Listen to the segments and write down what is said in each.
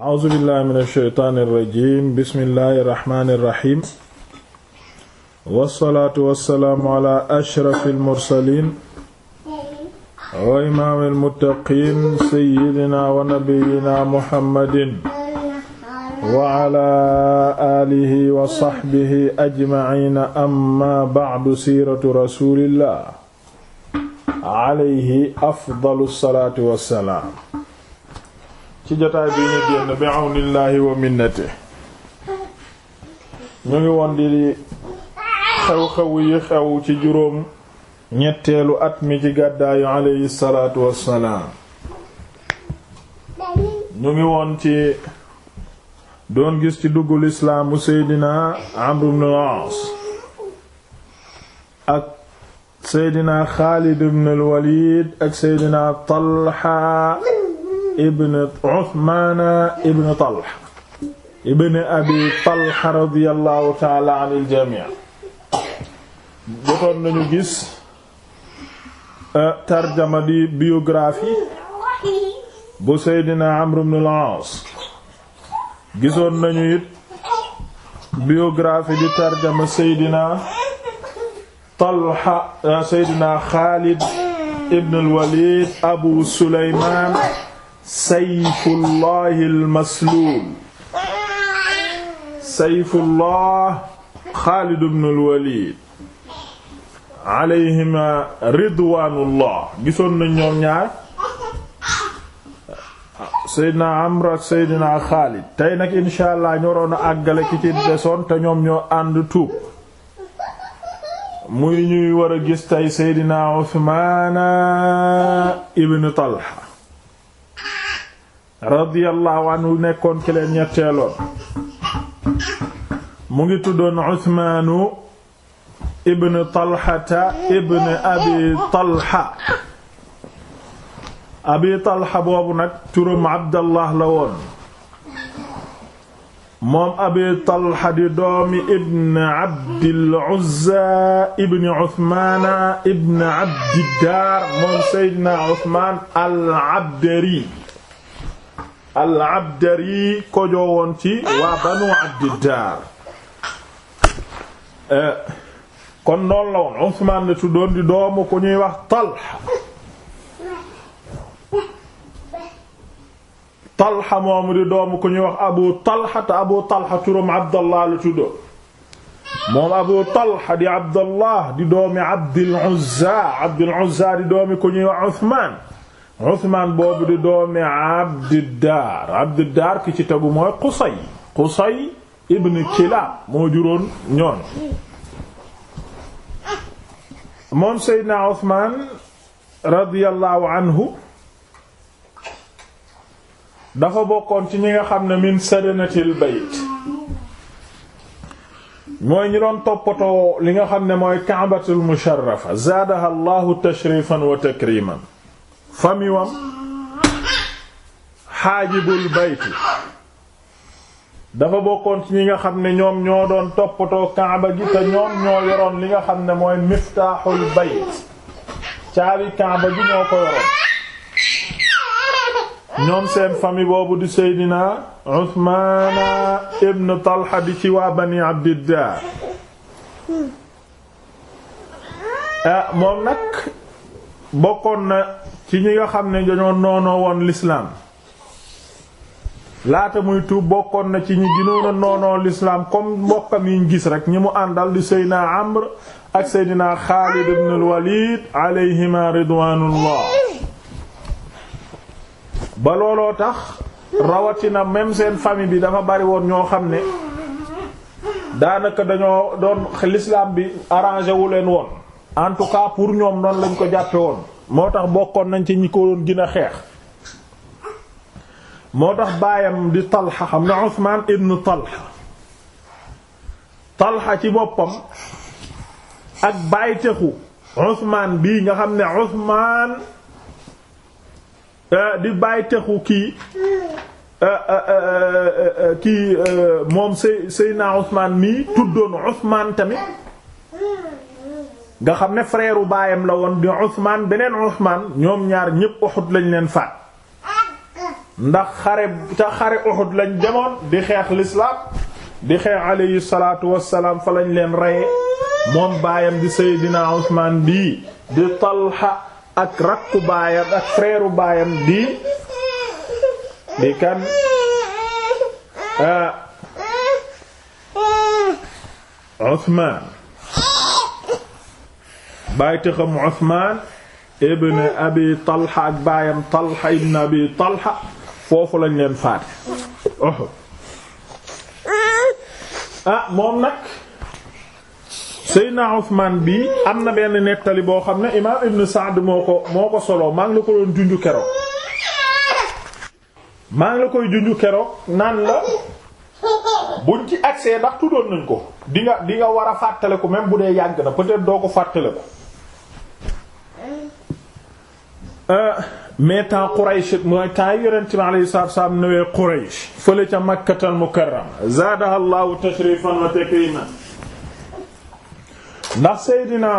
a'uuzu billahi min ash-shaytaani irrajim bismillahi irrahmani irrahim wassalaatu wassalaamu ala ashrafil mursaliin wa imaamil muttaqiin sayyidina wa nabiyyina muhammadin wa ala aalihi wa sahbihi ajmaciina amma ba'du siiratu rasuulillah alayhi afdalu salaatu wassalaam ci jotaay bi ñu génn bi àwnillaahi wa minnate ñu ngi woon di xew xew yi xew ci juróom ñetteelu at mi ci gàddaayu alayhi salaatu wassalaam ñu ngi woon ci doon gis ci duggu lislaamu bu Amr ibn al-Aas ak seydina Xaalid ibn al ak seydina Talha ibn Uthman ibn Talha ibn Abi Talha radiyallahu ta'ala anil jami' jotoon nañu gis euh, tarjama di biographie bu Seydina Amr ibn al-As gisoon nañu it biographie di tarjama Seydina Talha euh, Seydina Khalid ibn al-Walid Abu Sulayman sayfullahi almasluul sayfullah xaalid bnu alwalid alayhima ridwaanullah gisoon nañ ñoom ñaar seydina amr ak seydina xaalid tey nag insha allah ñoroon a àggale ki ci desoon te ñoom ñoo ànd tuub muy ñuy war a gis tey seydina usmaana ibn talha radiyallahu anhu nekkoon ki leen ñetteeloon mu ngi tuddoon Usmaanu ibn Talhata ibn Abi Talha Abi Talha boobu nag turam Abdallah la woon moom Abi Talha di doomi ibn Abdil Uzza ibn Usmaana ibn Abdiddaar moom Seydina Usmaan al-Abdari al abdari ko joowoon ci waa banu abdiddaar eh, kon noonu la woon Usmaan di doomu ku ñuy wax Talha Talha moomu di doomu ku ñuy wax Abu Talha te Abu Talha turam Abdallah la tuddoon moom Abu Talha di Abdallah di doomi Abdul Uzza Abdul Uzza di doomi ku ñuy wax Usmaan Usmaan boobu di doomi Abduddaar Abduddaar ki ci tegu mooy Qusay Qusay ibn Kilaab moo juróon ñoon moom Seydina Usmaan dafa bokkoon ci ñi nga xam ne min sadanatil bayt mooy ñi loon toppatoo li nga xam ne mooy Ka'batul musharrafa zaadaha Allahu tashrifan wa takriman famiwam xaajibul bayti dafa bokkoon ci ñi nga xam ne ñoom ñoo doon toppatoo kaaba gi te ñoom ñoo yoroon li nga xam ne mooy miftaaxul bayt caabi kaaba gi ñoo ko yoroon ñoom seen famille boobu di Seydina Usmaana ibn Talha di ci waa Bani Abdiddaar eh, moom nag bokkoon na ci ñi nga xam ne dañoo noonoo woon lislaam laata muy tuub bokkoon na ci ñi gënoon a noonoo lislaam comme mbokkam yiñ gis rek ñi mu àndal di seydina amr ak seydina xaalid ibn al walid alayhima ridwanullah ba looloo tax rawatina même seen famille bi dama bari woon ñoo xam ne daanaka dañoo doon lislaam bi arrangé wu leen woon en tout cas pour ñoom noonu lañ ko jàppe woon moo tax bokkoon nañ ci ñi ko doon xeex moo tax baayam di Talha xam na Usmaan ibn Talha Talha ci boppam ak bàytexu Usmaan bii nga xam ne Usmaan euh, di bàytexu kii euh, euh, kii moom Sey Seyna Usmaan mii tuddoon Usmaan tamit nga xam ne frère baayam la woon di Usmaan beneen Usmaan ñoom ñaar ñépp Uhud lañ leen fa ndax xare ca xare Uhud lañ demoon di xeex lislaam di xeex alayhi salaatu wassalaam fa lañ leen reye moom baayam di Seydina Usmaan bii di Talha ak rakku baayam ak frère baayam di di kan ah, Usmaan baay tëxam Usmaan ibn Abi Talha ak baayam Talha ibn Abi Talha foofu lañ leen faate ah moom nag Seydina Usmaan bi am na benn nettali boo xam ne imaam Ibn Sa'd moo ko moo ko soloo maa ngi la ko doon junju keroog maa la koy junju keroog naan la buñ ci accès ndax tuddoon nañ ko di nga di nga war a fàttale ko même bu dee yàgg na peut-être doo ko fàttale ko Euh, mais temps Quraysh mooy temps yi yonent bi alayhi salaatu salaam newee Quraysh fële ca Makkatal Mukarrama zaadaha Allahu tashrifan wa takriman ndax Seydina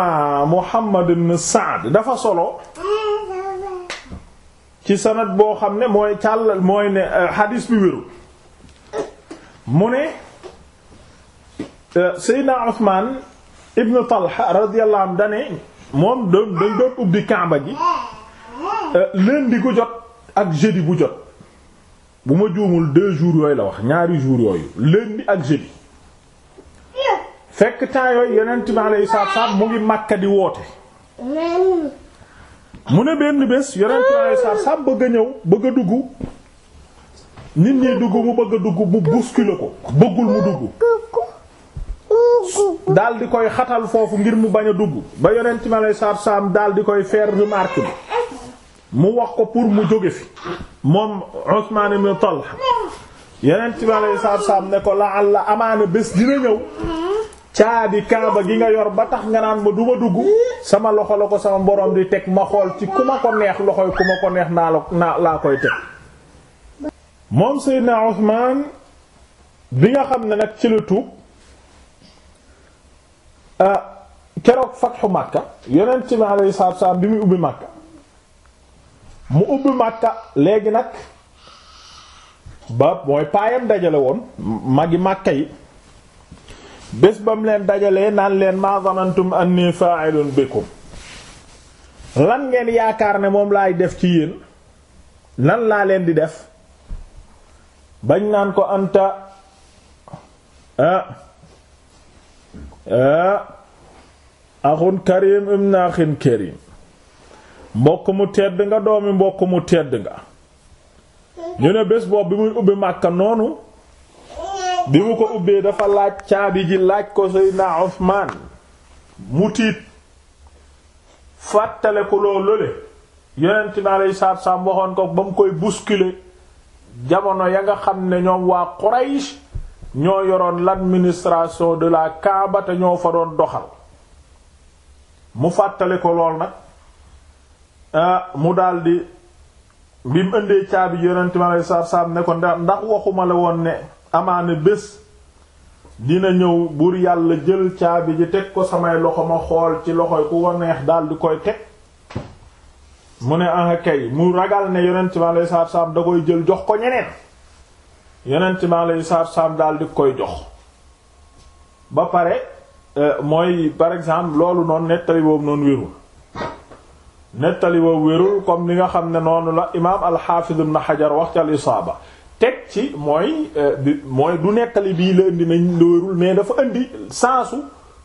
Muhammad ibn Sa'd dafa solo ci sanad boo xam ne mooy càll mooy ne hadis euh, bi wéru mu ne euh, Seydina Usmaan ibn Talha radiyallahu anhu dane moom doon dañ doon ubbi Kaaba ji euh, lundi gu jot ak jeudi bu jot bu ma juumul deux jours yooyu la wax ñaari jours yooyu lundi ak jeudi fekk temps yooyu yonent bi alayhi salaatu salaam mu ngi Makka di woote. mu ne benn bés yonent bi alayhi salaatu salaam bëgg a ñëw bëgg a dugg nit ñi dugg mu bëgg a dugg mu bousculer ko bëggul mu dugg. daal di koy xatal foofu ngir mu bañ a dugg ba yeneen mi aleyhi salaatu salaam daal di koy faire remarque bi mu wax ko pour mu jóge fi moom Usmaan ibn Talha yonent mi aleyhi salaatu salaam ne ko la Allah amaana bés dina ñëw caabi kaaba gi nga yor ba tax nga naan ma du dugg sama loxo la ko sama borom di teg ma xool ci ku ma ko neex loxoy ku ma ko neex naa laa koy teg moom Seydina Usmaan bi nga xam ne nag ci la tuub Euh, keroog fatxu Makka yonent ci alayhi salaatu salaam bi muy ubbi Makka mu ubbi Makka léegi nag ba mooy paayam dajale woon magi Makka yi bés ba mu leen dajalee naan leen maa zanantum anni fa'ilun bikum lan ngeen yaakaar ne moom laay def ci yéen lan laa leen di def bañ naan ko anta ah Eh, axun karim ibn axin karim mbokk mu tedd nga doomi mbokk mu tedd nga ñu ne bés boobu bi muy ubbi Makka noonu bi mu ko ubbee dafa laaj caabi ji laaj ko Seydina Usmaan mu tiit fàttale ko loo lole yonent bi alayhi salaatu salaam waxoon ko ba mu koy bousculer jamono ya nga xam ne ñoom waa Quraysh ñoo yoroon l'administration de la Kaaba ñoo fa doon doxal mu fàttali ko lool nag ah, mu daldi bi mu indee caabi yonent ma lay saab saab ne ko ndax waxuma la woon ne amaane bés dina ñëw buur yàlla jël caabi ji teg ko samay loxo ma xool ci loxo ku woneex neex daldi koy teg mu ne ah kay mu ragal ne yonent ma lay saab saab da koy jël jox ko ñeneen yonent mi alayhi salaatu wasalaam daal di koy jox ba pare euh, mooy par exemple loolu noonu nettali boobu noonu wérul nettali boobu wérul comme li nga xam ne noonu la imaam al-Hafiz ibn xajar wax ci al-Isaaba teg ci mooy euh, mooy du nettali bii la indi nañ la wérul mais dafa indi sensu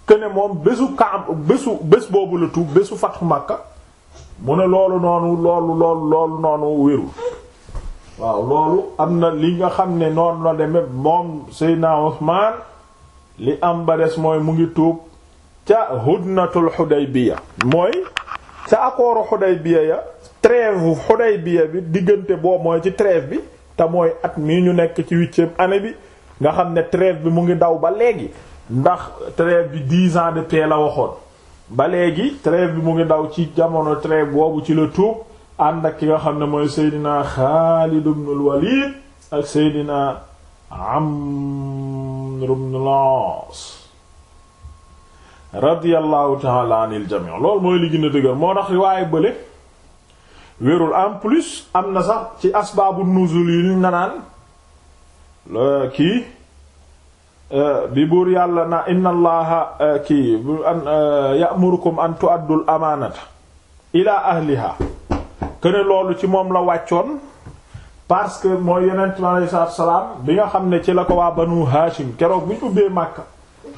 que ne moom bésu Kaab bésu bés boobu la tuub bésu Fathu Makka mu ne loolu noonu loolu loolu loolu noonu wérul waaw loolu am na li nga xam ne noonu la deme moom Seydina Usmaan li am ba des mooy mu ngi tuub ca hudnatul Hudaybiya mooy ca accordu bi ya trêve Hudaybiya bi diggante boobu mooy ci trêve bi te mooy at mii ñu nekk ci huitième année bi nga xam ne trêve bi mu ngi daw ba léegi ndax trêve bi dix ans de paix la waxoon ba léegi trêve bi mu ngi daw ci jamono trêve boobu ci la tuub ànd ak ki nga xam ne mooy seydina Xaalid ibnul Waliid ak seydina Amr ibnul Aas radiyallahu ta'ala anil jami' loolu mooy li gën a moo tax riwaaye bële wérul en plus am na sax ci asbaabu nuzul yi ñu euh, bi buur yàlla na inna allaha euh, kii euh, an tu'addul amaanata ila ahliha que loolu ci moom la wàccoon parce que mooy yonent mi aleyhi salaatu salaam bi nga xam ne ci la ko waa banu Hachim keroog bu ñu ubbee Makka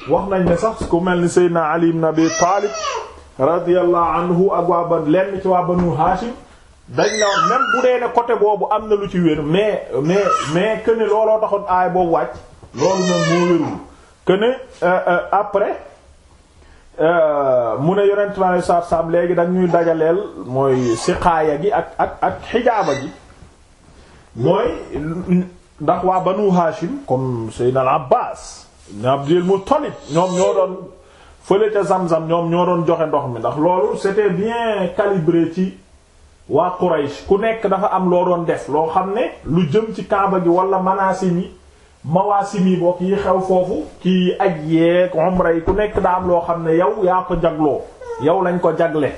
wax nañ ne sax ku mel ni Seydina Ali ibn Abi Taalib radiyallahu anhu ak waa ban lenn ci waa banu Hachim dañ la wax bu dee ne côté boobu am na lu ci wér mais mais mais que ne looloo taxoon aay boobu wàcc loolu moom moo wérul que euh, euh, après. Euh, mu ne yonent mi alei saatu salaam léegi dañ ñuy dajaleel mooy siqaaya gi ak ak ak xijaaba gi mooy ndax waa banu Hashim comme Seydina al-Abbas ibn Abdul Muttalib ñoom ñoo doon fële ca Zamzam ñoom ñoo doon joxe ndox mi ndax loolu c'était bien calibré ci waa Quraysh ku nekk dafa am loo doon def loo xam ne lu jëm ci Kaaba gi wala manaasim yi mawaasim yi bokk yi xew foofu ci aj yeeg umra yi ku nekk daa loo xam ne yow yaa ko jagloo yow lañ ko jagle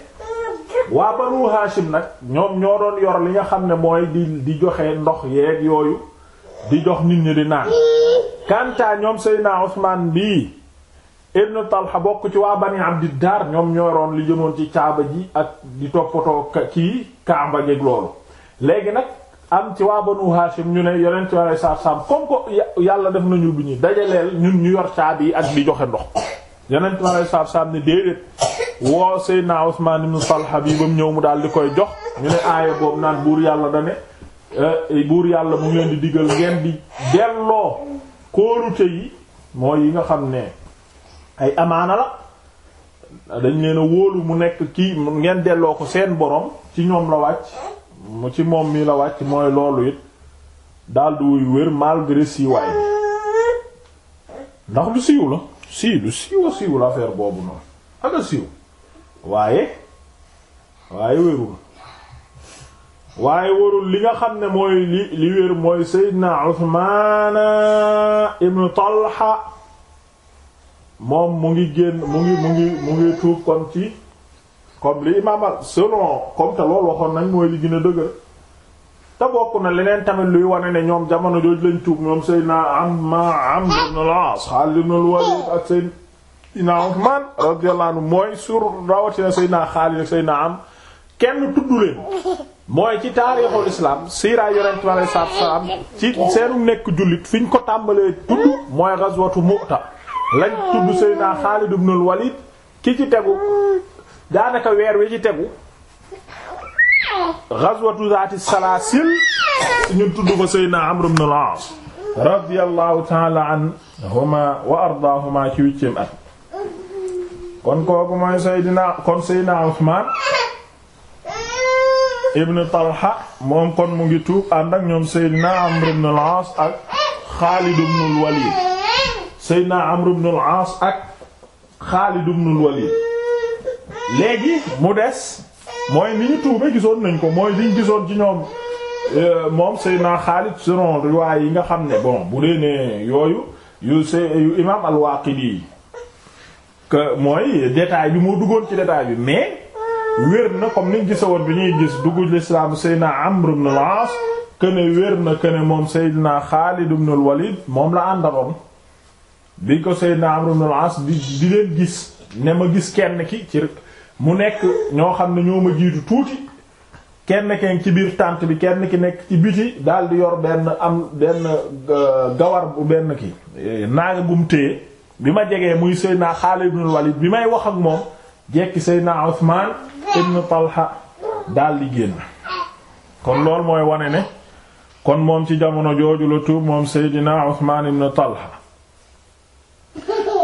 waa banu Haashim nag ñoom ñoo doon yor li nga xam ne mooy di di joxe ndox yeeg yooyu di jox nit ñi di naan kantaa ñoom Seydina Usmaan bii ibn Talha bokk ci waa bani Abdiddaar ñoom ñoo li jëmoon ci caaba ji ak di toppatoo ci Kaaba jeeg loolu léegi nag am ci waa banu Hashim ñu ne yeneen ci wàllu saabsaab comme que yàlla def nañu bu ñu dajaleel ñun ñu yor saab yi ak di joxe ndox yonent ci wàllu saabsaab ne déedéet woo Seydina Usmaan ibn Talha bi ba mu ñëw mu daal di koy jox ñu ne aaya boobu naan buur yàlla da ne eh, eh, buur yàlla mu ngi di digal ngeen di delloo kóolute yi mooy yi nga xam ne ay amaana la. dañ leen a wóolu mu nekk kii ngeen delloo ko seen boroom ci ñoom la wàcc mu ci moom mi la wàcc mooy loolu it daldi wuy wér malgré siiwaay ndax lu siiw la sii lu siiwa boobu noonu ak siiw waaye waaye wérul waaye warul li nga xam ne mooy li li wér mooy Seydina Usmaan ibn Talha moom mu ngi génn mu ngi mu ngi mu ngi tuub kon ci comme li imaam selon comme te loolu waxoon nañ mooy li gën a dëgër te bokk na leneen tamit luy wane ne ñoom jamono jooju lañ tuub ñoom Seydina Amma Amr ibn al-As Khalid na al-Walid ak Seydina Uthman radiyallahu anhu mooy sur rawatina kenn tudd leen mooy ci taarixul islam siira yonent bi alayhi salaatu ci seenu nekk jullit fi ñu ko tàmbalee tudd mooy ghazwatu Mu'ta lañ tudd Seydina Khalid ibn al-Walid ki ci tegu daanaka weer wi ci tegu ghazwatu zaati al-As radiyallahu ta'ala anhuma wa ardaahuma ci huitième at kon kooku mooy Seydina kon Seydina Usmaan ibn Talha moom kon mu ngi tuub ànd al-As ak Xaalid ibn al-Walid léegi mu des mooy ni ñu tuube gisoon nañ ko mooy liñ gisoon ci ñoom euh, moom Seydina Xaalid selon riwaay yi nga xam ne bon bu dee ne yooyu yu se yu imaam al-Waaqidi mooy détail bi moo duggoon ci détail bi mais wér na comme niñ gisoon bi ñuy gis duggu l'islam Seydina Amr ibn wér na que moom Seydina Xaalid ibn al-Walid moom la àndaloon bi ko Seydina Amr ibn al-As di di leen gis ne ma gis kenn ki ci rek mu nekk ñoo xam ne ñoo ma jiitu tuuti kenn kenn ci biir tànt bi kenn ki nekk ci biti daal di yor benn am benn euh, gawar bu benn ki eh, naaga gum téye bi ma jegee muy Seydina Xaalid ibn Walid bi may wax ak moom jekki Seydina Usmaan ibn Talha daal di génn kon loolu mooy wane ne kon moom ci jamono jooju la tuub moom Seydina Usmaan ibn Talha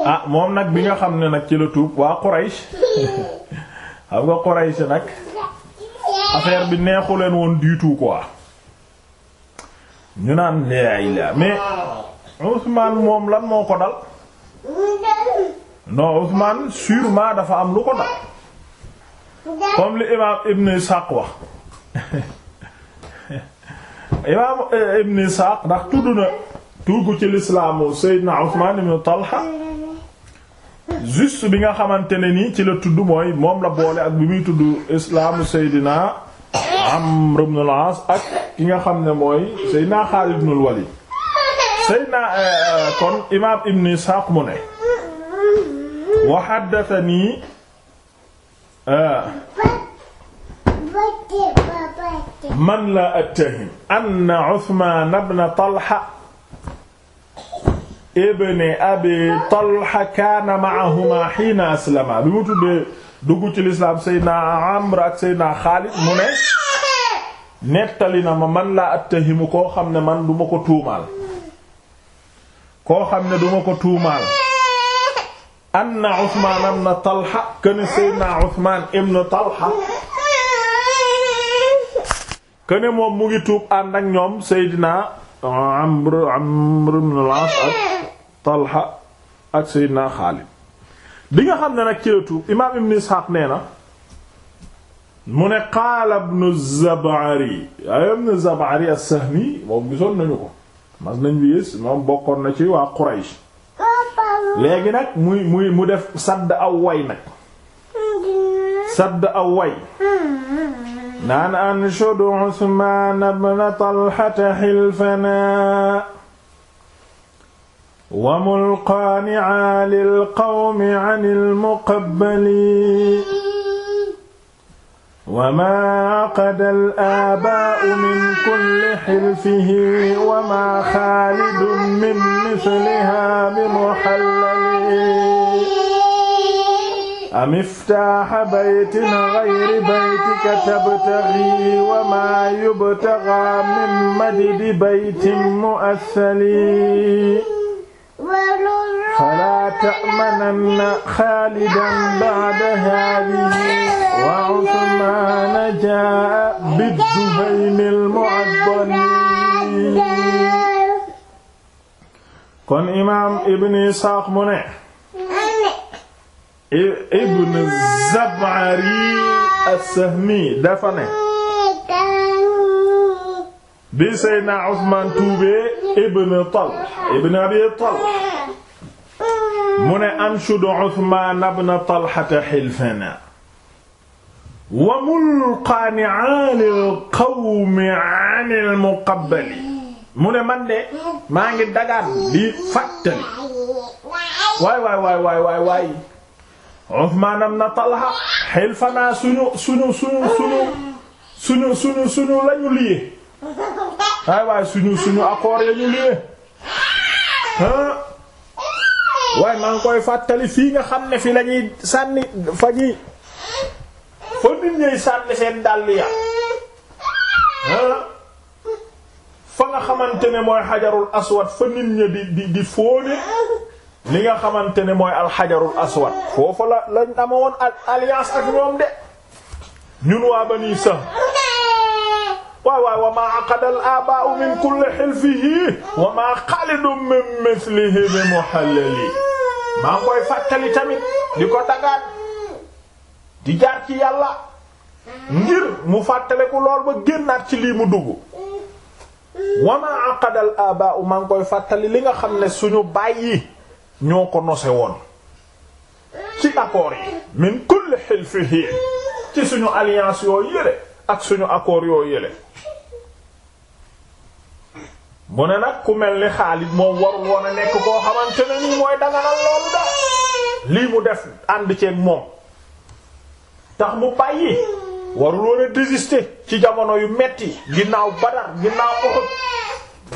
ah moom nag bi nga xam ne nag ci la tuub waa Quraysh xam nga Quraysh nag affaire bi neexuleen woon du tout quoi ñu naan laay la mais Ousmane moom lan moo ko dal non Ousmane sûrement dafa am lu ko dal comme li imaam Ibn Ishaq wax imaam eh, Ibn Ishaq ndax tudd na tugg ci lislaamu Seydina Ousmane ibn Talha juste bi nga xamante ne nii ci la tudd mooy moom la boole ak bi muy tudd islaamu Seydina Amr ibn al-As ak nga xam ne mooy Seydina Xaalid ibn al-Walid Seydina eh, eh, kon imaam Ibn Ishaq mu ne wa haddathanii eh, man la attahim anna Uthman ibn Talha ibn abi talha kaana ma'ahuma hiina aslama bi mu tuddee dugg ci lislaam seydna amr ak mu ne nettali na ma man laa attahimu koo xam ne man duma ko tuumaal koo ne duma ko tuumaal anna usmaan talha këne seydna usmaan talha këne moom mu ngi tuub ñoom seydna amr amr Talha ak Seydina Xaalid bi nga xam ne nag ci la tuub imaam Ibn Isxaaq nee na mu ne qaala Ibnu Zabari ay Ibnu Zabari as-Sahmi moom gisoon nañu ko mas nañ bi yées moom bokkoon na ci waa Quraysh léegi nag muy muy mu def sadd aw way nag sadd aw way naan anshudu Usmaan ibn Talhata xilfanaa wamul qaani'a lil qawmi anil muqabbali wama aqadal aabaa'u min kulli xilfihi wama xaalidun min mislihaa bi muhallali am iftaaxa baytin gayri baytika tabtaxi wama yubtaxaa min maddi baytin mu'assali fala ta'mananna xaalidan ba'da haadihi wa Usmaan jaa'a bid-duhayn al-mu'azzam kon imaam Ibn Isxaaq mu ne Ibn Zab'ari as-Sahmi dafa ne bi Seydina Usmaan tuubee Ibn Talha Ibn Abi Talha mu ne anshudu Usmaan ibn Talhata xilfana wa mulqaani alil qawmi anil muqabbali mu ne man de maa ngi dagaan di fàttali waay waay waay waay waay waay Usmaan ibn Talha xilfana suñu suñu suñu suñu suñu suñu suñu lañu liyee waay waay suñu suñu accord yañu waaye maa ngi koy fàttali fii nga xam ne fi la sànni fa ñuy fa nit ñuy sànni seen dàll ya fa nga xamante ne mooy xajarul aswad fa nit ñi di di di li nga xamante ne mooy alxajarul aswad foofu la lañ amoon alliance ak ñoom de ñun waa Bani Sahm waaw waaw wa maa aqada al min kulli hilfihi wa maa xaalidun min mithlihi bi muhallali maa ngi koy fàttali tamit di ko dagaat di jaar ci yàlla ngir mu fàttaliku lool ba génnaat ci lii mu dugg wa maa aqada al abaa'u koy fàttali li nga xam ne suñu bàyyi ñoo ko nose woon ci accord yi min kulli hilfihi ci suñu alliance yooyu yëre ak suñu accord yoo yële mu ne nag ku mel ni Xaalid moom waru woon a nekk koo xamante ne nii mooy daganal loolu da lii mu def ànd ceeg moom tax mu bàyyi warul woon a désister ci jamono yu metti ginnaaw Badar ginnaaw Uhud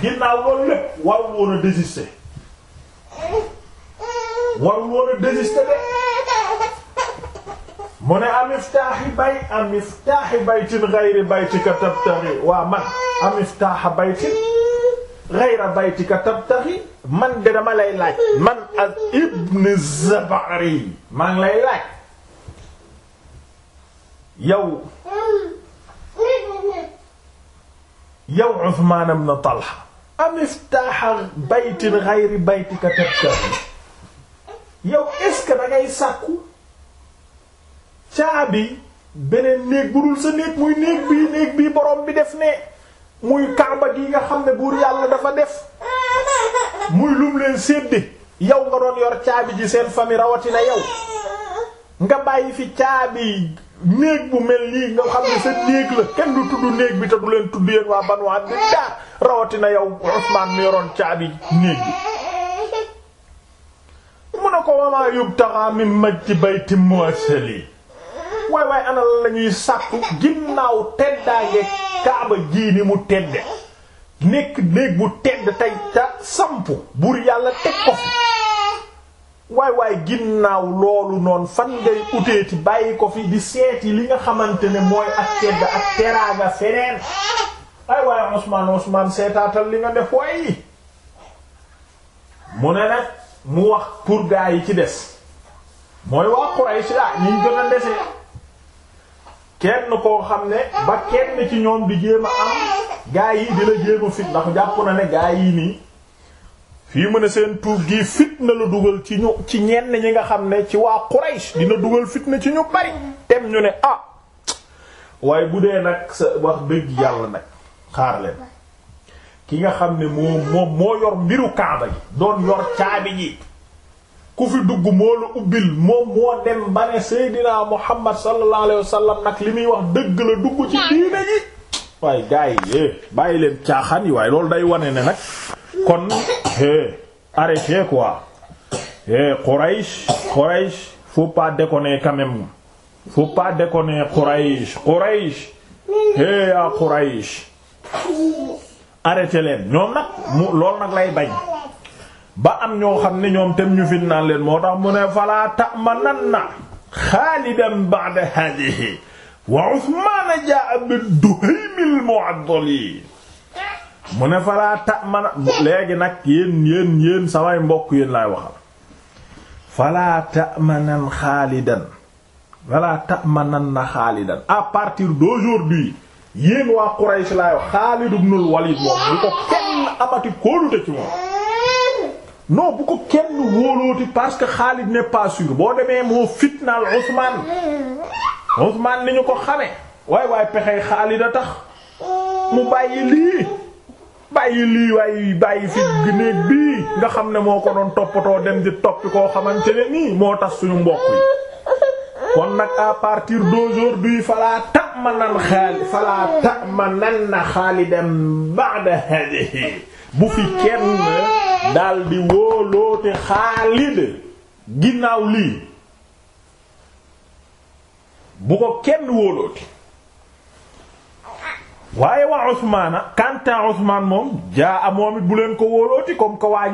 ginnaaw loolu lépp warul woon a désister warul woon a désister de mu ne amiftaaxi bay amiftaaxi baytin gayri baytika tabtaxi waa man amiftaaxa baytin gayra baytika tabtaxi man de dama lay laaj man ak ibn zabari maa ngi lay laaj yow yow Usmaan ibn Talha amiftaaxa baytin gayri baytika tabtaxi yow est-ce que da ngay sàkku caabi beneen néeg bu dul sa néeg muy néeg bi néeg bii borom bi def ne muy kaaba yi nga xam ne buur yàlla dafa def muy lum leen sédde yow nga doon yor caabi ji seen famille rawatina yow nga bàyyi fi caabi néeg bu mel nii nga xam ne sa néeg la kenn du tudd néeg bi te du leen tudd yéen waa Banu Abdillah rawatina yow Usmaan mi yoroon caabi néeg bi. mu ne ko wamaa yubtaxaa min majdi baytin muwassali waay waay ana la ñuy sàpp ginnaaw teddaange kaaba gii ni mu tedde nekk néeg bu tedd tey ta sampu buur yàlla teg ko fi waay waay ginnaaw loolu noon fan ngay uteeti bàyyi ko fi di seeti li nga xamante ne mooy ak tedd ak teraanga feneen ay waaye Ousmane seetaatal li nga def waay mu ne nag mu wax pour yi ci des mooy waa Quraysh la ah, ñu gën a dese kenn koo xam ne ba kenn ci ñoom bi jéem a am gaa yi di la jéem a fit ndax jàpp na ne gaa yi nii fii mu ne seen tuub gii fitna la dugal ci ñu ci ñenn ñi nga xam ne ci waa Quraysh dina dugal fitna ci ñu bari tem ñu ne ah waaye bu dee nag sa wax dëgg yàlla nag xaar leen ki nga xam ne moom moom moo yor mbiru Kaaba gi doon yor caabi ji ku fi dugg moo la ubbil moom moo dem ba ne Seydina Muhammad sallallahu alayhi wa nag li muy wax dëgg la dugg ci diine ji waaye gars yi eh, bàyyi leen caaxaan yi waaye loolu day wane ne nag kon eh, arrêtez quoi eh, Quraish Quraish faut pas déconner quand même faut pas déconner Quraish Quraish eh ah Quraish arrêtez leen ñoom nag mu nag lay bañ. ba am ñoo xam ne ñoom tam ñu fitnaan leen moo tax mu ne fala ta'mananna xaalidan ba'da hadihi wa Usmaan jaa bi duhaymil mu'addali mu ne falaa ta'man léegi nag yéen yéen yéen samay mbokk yéen laay waxal falaa ta'manan xaalidan falaa ta'manan na xaalidan à partir d'aujourd'hui yéen waa Quraysh laay wax Xaalid ibnul Waliid moom bu ko kenn amati kóolute ci moom non bu ko kenn wóolooti parce que Khalid n'est pas sûr boo demee moo fitnaal Ousmane Ousmane ni ñu ko xamee waaye waay pexey Khalid a tax mu bàyyi lii bàyyi lii waaye bàyyi fi néeg bii nga xam ne moo ko doon toppatoo dem di toppi koo xamante ne nii moo tax suñu mbokk yi kon nag à partir d'aujourd'hui falaa ta'manan Khalid falaa ta'manan Khalidan ba'da hadhihi bu fi kenn dal di wóoloote Xaalid ginnaaw lii bu ko kenn wóoloote waaye waa Usmaana kantaa Usmaan moom jaa a moom it bu leen ko wóolooti comme que waa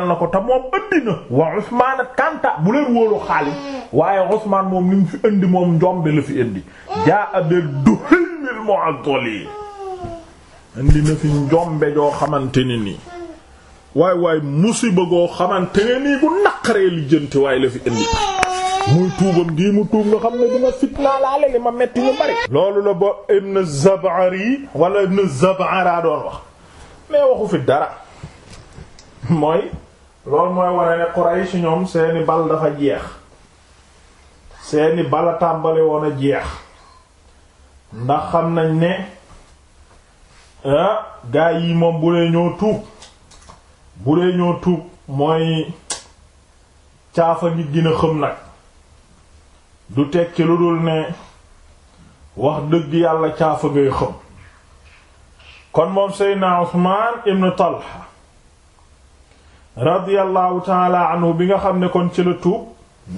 na ko te moom ëndi na waa Usmaana kanta bu leen wóolu Xaalid waaye osmaan moom ni mu fi indi moom njombe la fi indi jaa a bil duhmil mu'azzali indi na fi njombe joo xamante ne nii waay waay musiba goo xamante nii bu naqaree li waaye la fi indi muy tuubam gii mu tuub nga xam ne dina fitnaa laale li ma metti ñu bari loolu la ba ibn zabari wala ibn zabara doon wax mais waxu fi dara mooy loolu mooy wane ne Quraysh ñoom seeni bal dafa jeex seeni bala tàmbali woon a jeex ndax xam nañ ne ah gaa yi moom bu dee ñoo tuub bu dee ñoo tuub mooy caafa gi gën a xëm nag du tekki lu dul ne wax dëgg yàlla caafa ngay xëm kon moom seydna Usmaan ibn Talha radiyallahu taala anhu bi nga xam ne kon ci la tuub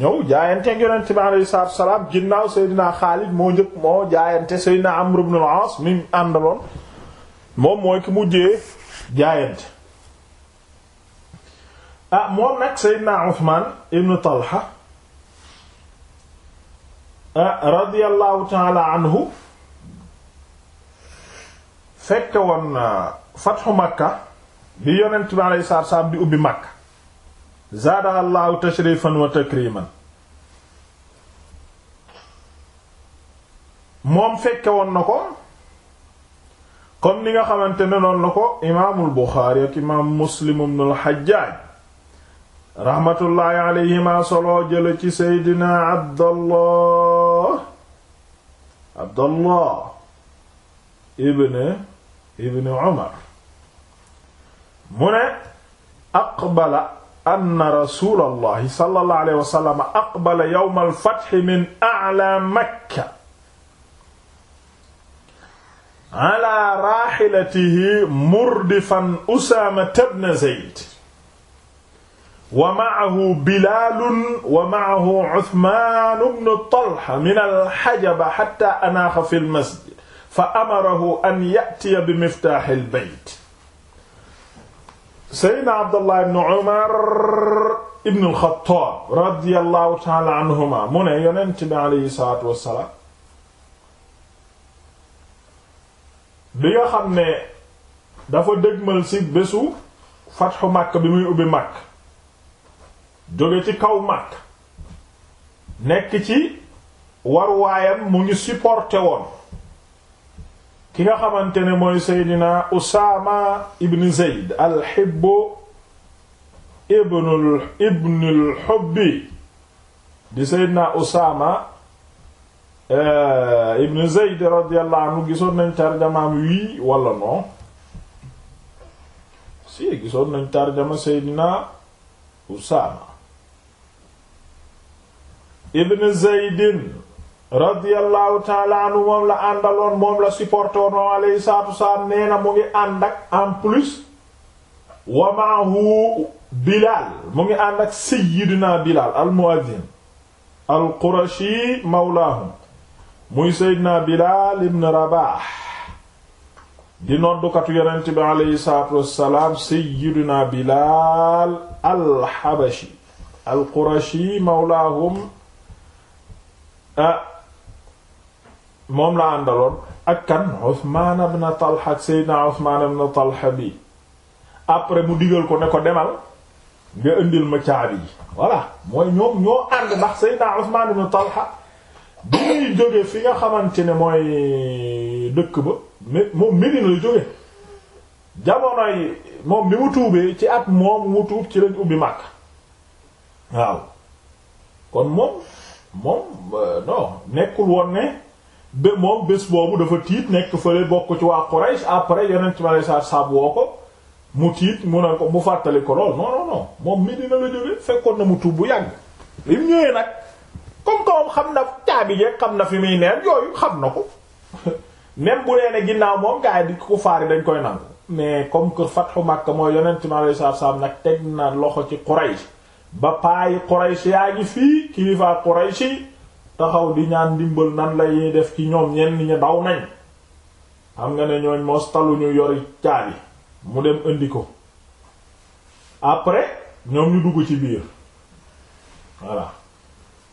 ñëw jaayante yonent bi alayhi salaatu wa salaam ginnaaw seydna Xaalid moo njëkk moo jaayante seydna Amr ibn al-Aas àndaloon moom mooy ki mujjee jaayante ah moom nag Seydina Usmaan ibn Talha ah radiyallahu anhu fekke woon ah, fatxu Makka bi yonent bi alayhi salaatu salaam di ubbi Makka zaadaha Allahu tashrifan wa takriman moom fekke woon na ko comme ni nga xamante ne noonu la ko imaamul Buxaari ak imaam Muslim ibn al-Hajjaaj raxmatullaahi alayhima soloo jële ci seydina Abdallah Abdallah ibn ibn Umar mu ne aqbala anna rasuulallahi sallallaahu alayhi wa sallam aqbala yawmal fathi min a'laa Makka ala raxilatihi murdifan Usaama ibn Zayd wa ma'ahu Bilaal wa ma'ahu Usmaan ibn Talha min al-Hajaba hattaa anaaxa fi al-masjid fa amarahu an ya'tiya bi miftaaxil bayt. Seydina Abdallah ibn Umar ibn al-Xattaab radiyallahu ta'aala anhumaa mu ne Yonent bi alayhi salaatu wa salaam li nga xam ne dafa dëgmal ci bésu fatxu Makka bi muy ubbi Makka jóge ci kaw Makka nekk ci warwaayam mu ngi supporté woon ki nga xamante ne mooy Seydina Usaama ibn Zayd al-Hibbu ibnul ibnul Hubbi di Seydina Usaama Euh, Ibn Zayd radiyallahu anhu gisoon nañ tarjamaam wii wala non si gisoon nañ tarjama Seydina Usaama Ibn Zaydin radiyallahu taala moom la àndaloon moom la supporté woon alayhi salaatu wasalaam mu ngi ànd ak en plus wa maahu Bilaal mu ngi ànd ak Seydina Bilaal al-mu'adhdhin al-Qurashi mawlaahum muy seydna Bilaal ibn Rabaah di noddukatu yonent bi aleyhi salaatu Bilaal al-Habashi al-Qurashi mawlaahum ah la àndaloon ak kan Usmaan ibn Talha ak après mu digal ko ne ko demal nga indil ma caabi yi voilà mooy ñoom ñoo ànd ndax seydna Talha bu muy jóge fi nga xamante ne mooy dëkk ba moom Medina la jóge jamono yi moom bi mu tuubee ci at moom mu tuub ci lañ ubbi Makka waaw kon moom moom euh, non nekkul woon ne ba moom bés boobu dafa tiit nekk fële bokk ci waa Quraysh après yonent ma lay sa saab woo ko mu tiit mu ne ko mu fàttali ko lool non non non moom Medina la jóge fekkoon na mu tuub bu yàgg bi mu ñëwee nag comme que moom xam na caabi yeeg xam na fi muy neen yooyu xam na ko même bu dee ne ginnaaw moom gaa yi di ko faari dañ koy nangu mais comme que fatxu Makka mooy yonent mi alayhi salaatu salaam nag teg na loxo ci Quraysh ba paayi Quraysh yaa ngi fii kilifa Quraysh taxaw di ñaan ndimbal nan lay def ci ñoom ñenn ñi daw nañ xam nga ne ñooñ mos taluñu yori caabi mu dem indi ko après ñoom ñu dugg ci biir voilà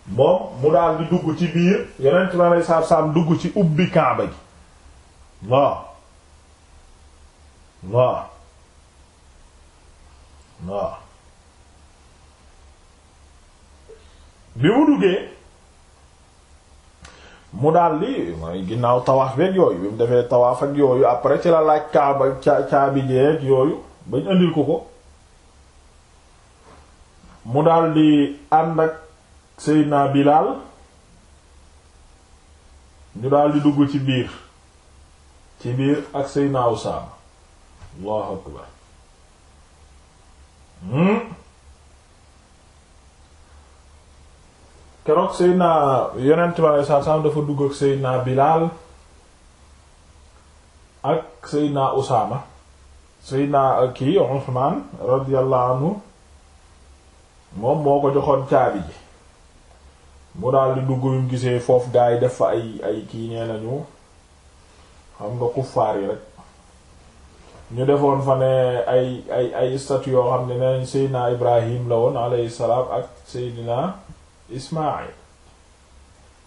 moom mu daal dugg ci biir yonent mi aleyhi salaatu salaam dugg ci ubbi kaaba gi waaw waaw waaw bi mu duggee mu daal ginnaaw tawaaf beeg yooyu bi mu defee tawaaf ak yooyu après ci la laaj kaaba ca caabi jeeg yooyu bañ andil ko ko mu daal ànd ak Seydina Bilaal ñu daldi dugg ci biir ci biir ak Seydina Usaama Allahu akbar hmm? keroog Seydina yonent bi aleyhi salaatu salaam dafa dugg ak Seydina Bilaal ak Seydina Usaama Seydina kii Usmaan radiyallahu anhu moom moo ko joxoon caabi ji mu daal di dugg gisee foofu gaa yi def fa ay ay kii nee nañu xam nga kuffaar yi rek ñu defoon fa ne ay ay ay statue yoo xam ne nee nañ Ibrahim la woon alayhi ak Seydina Ismaïl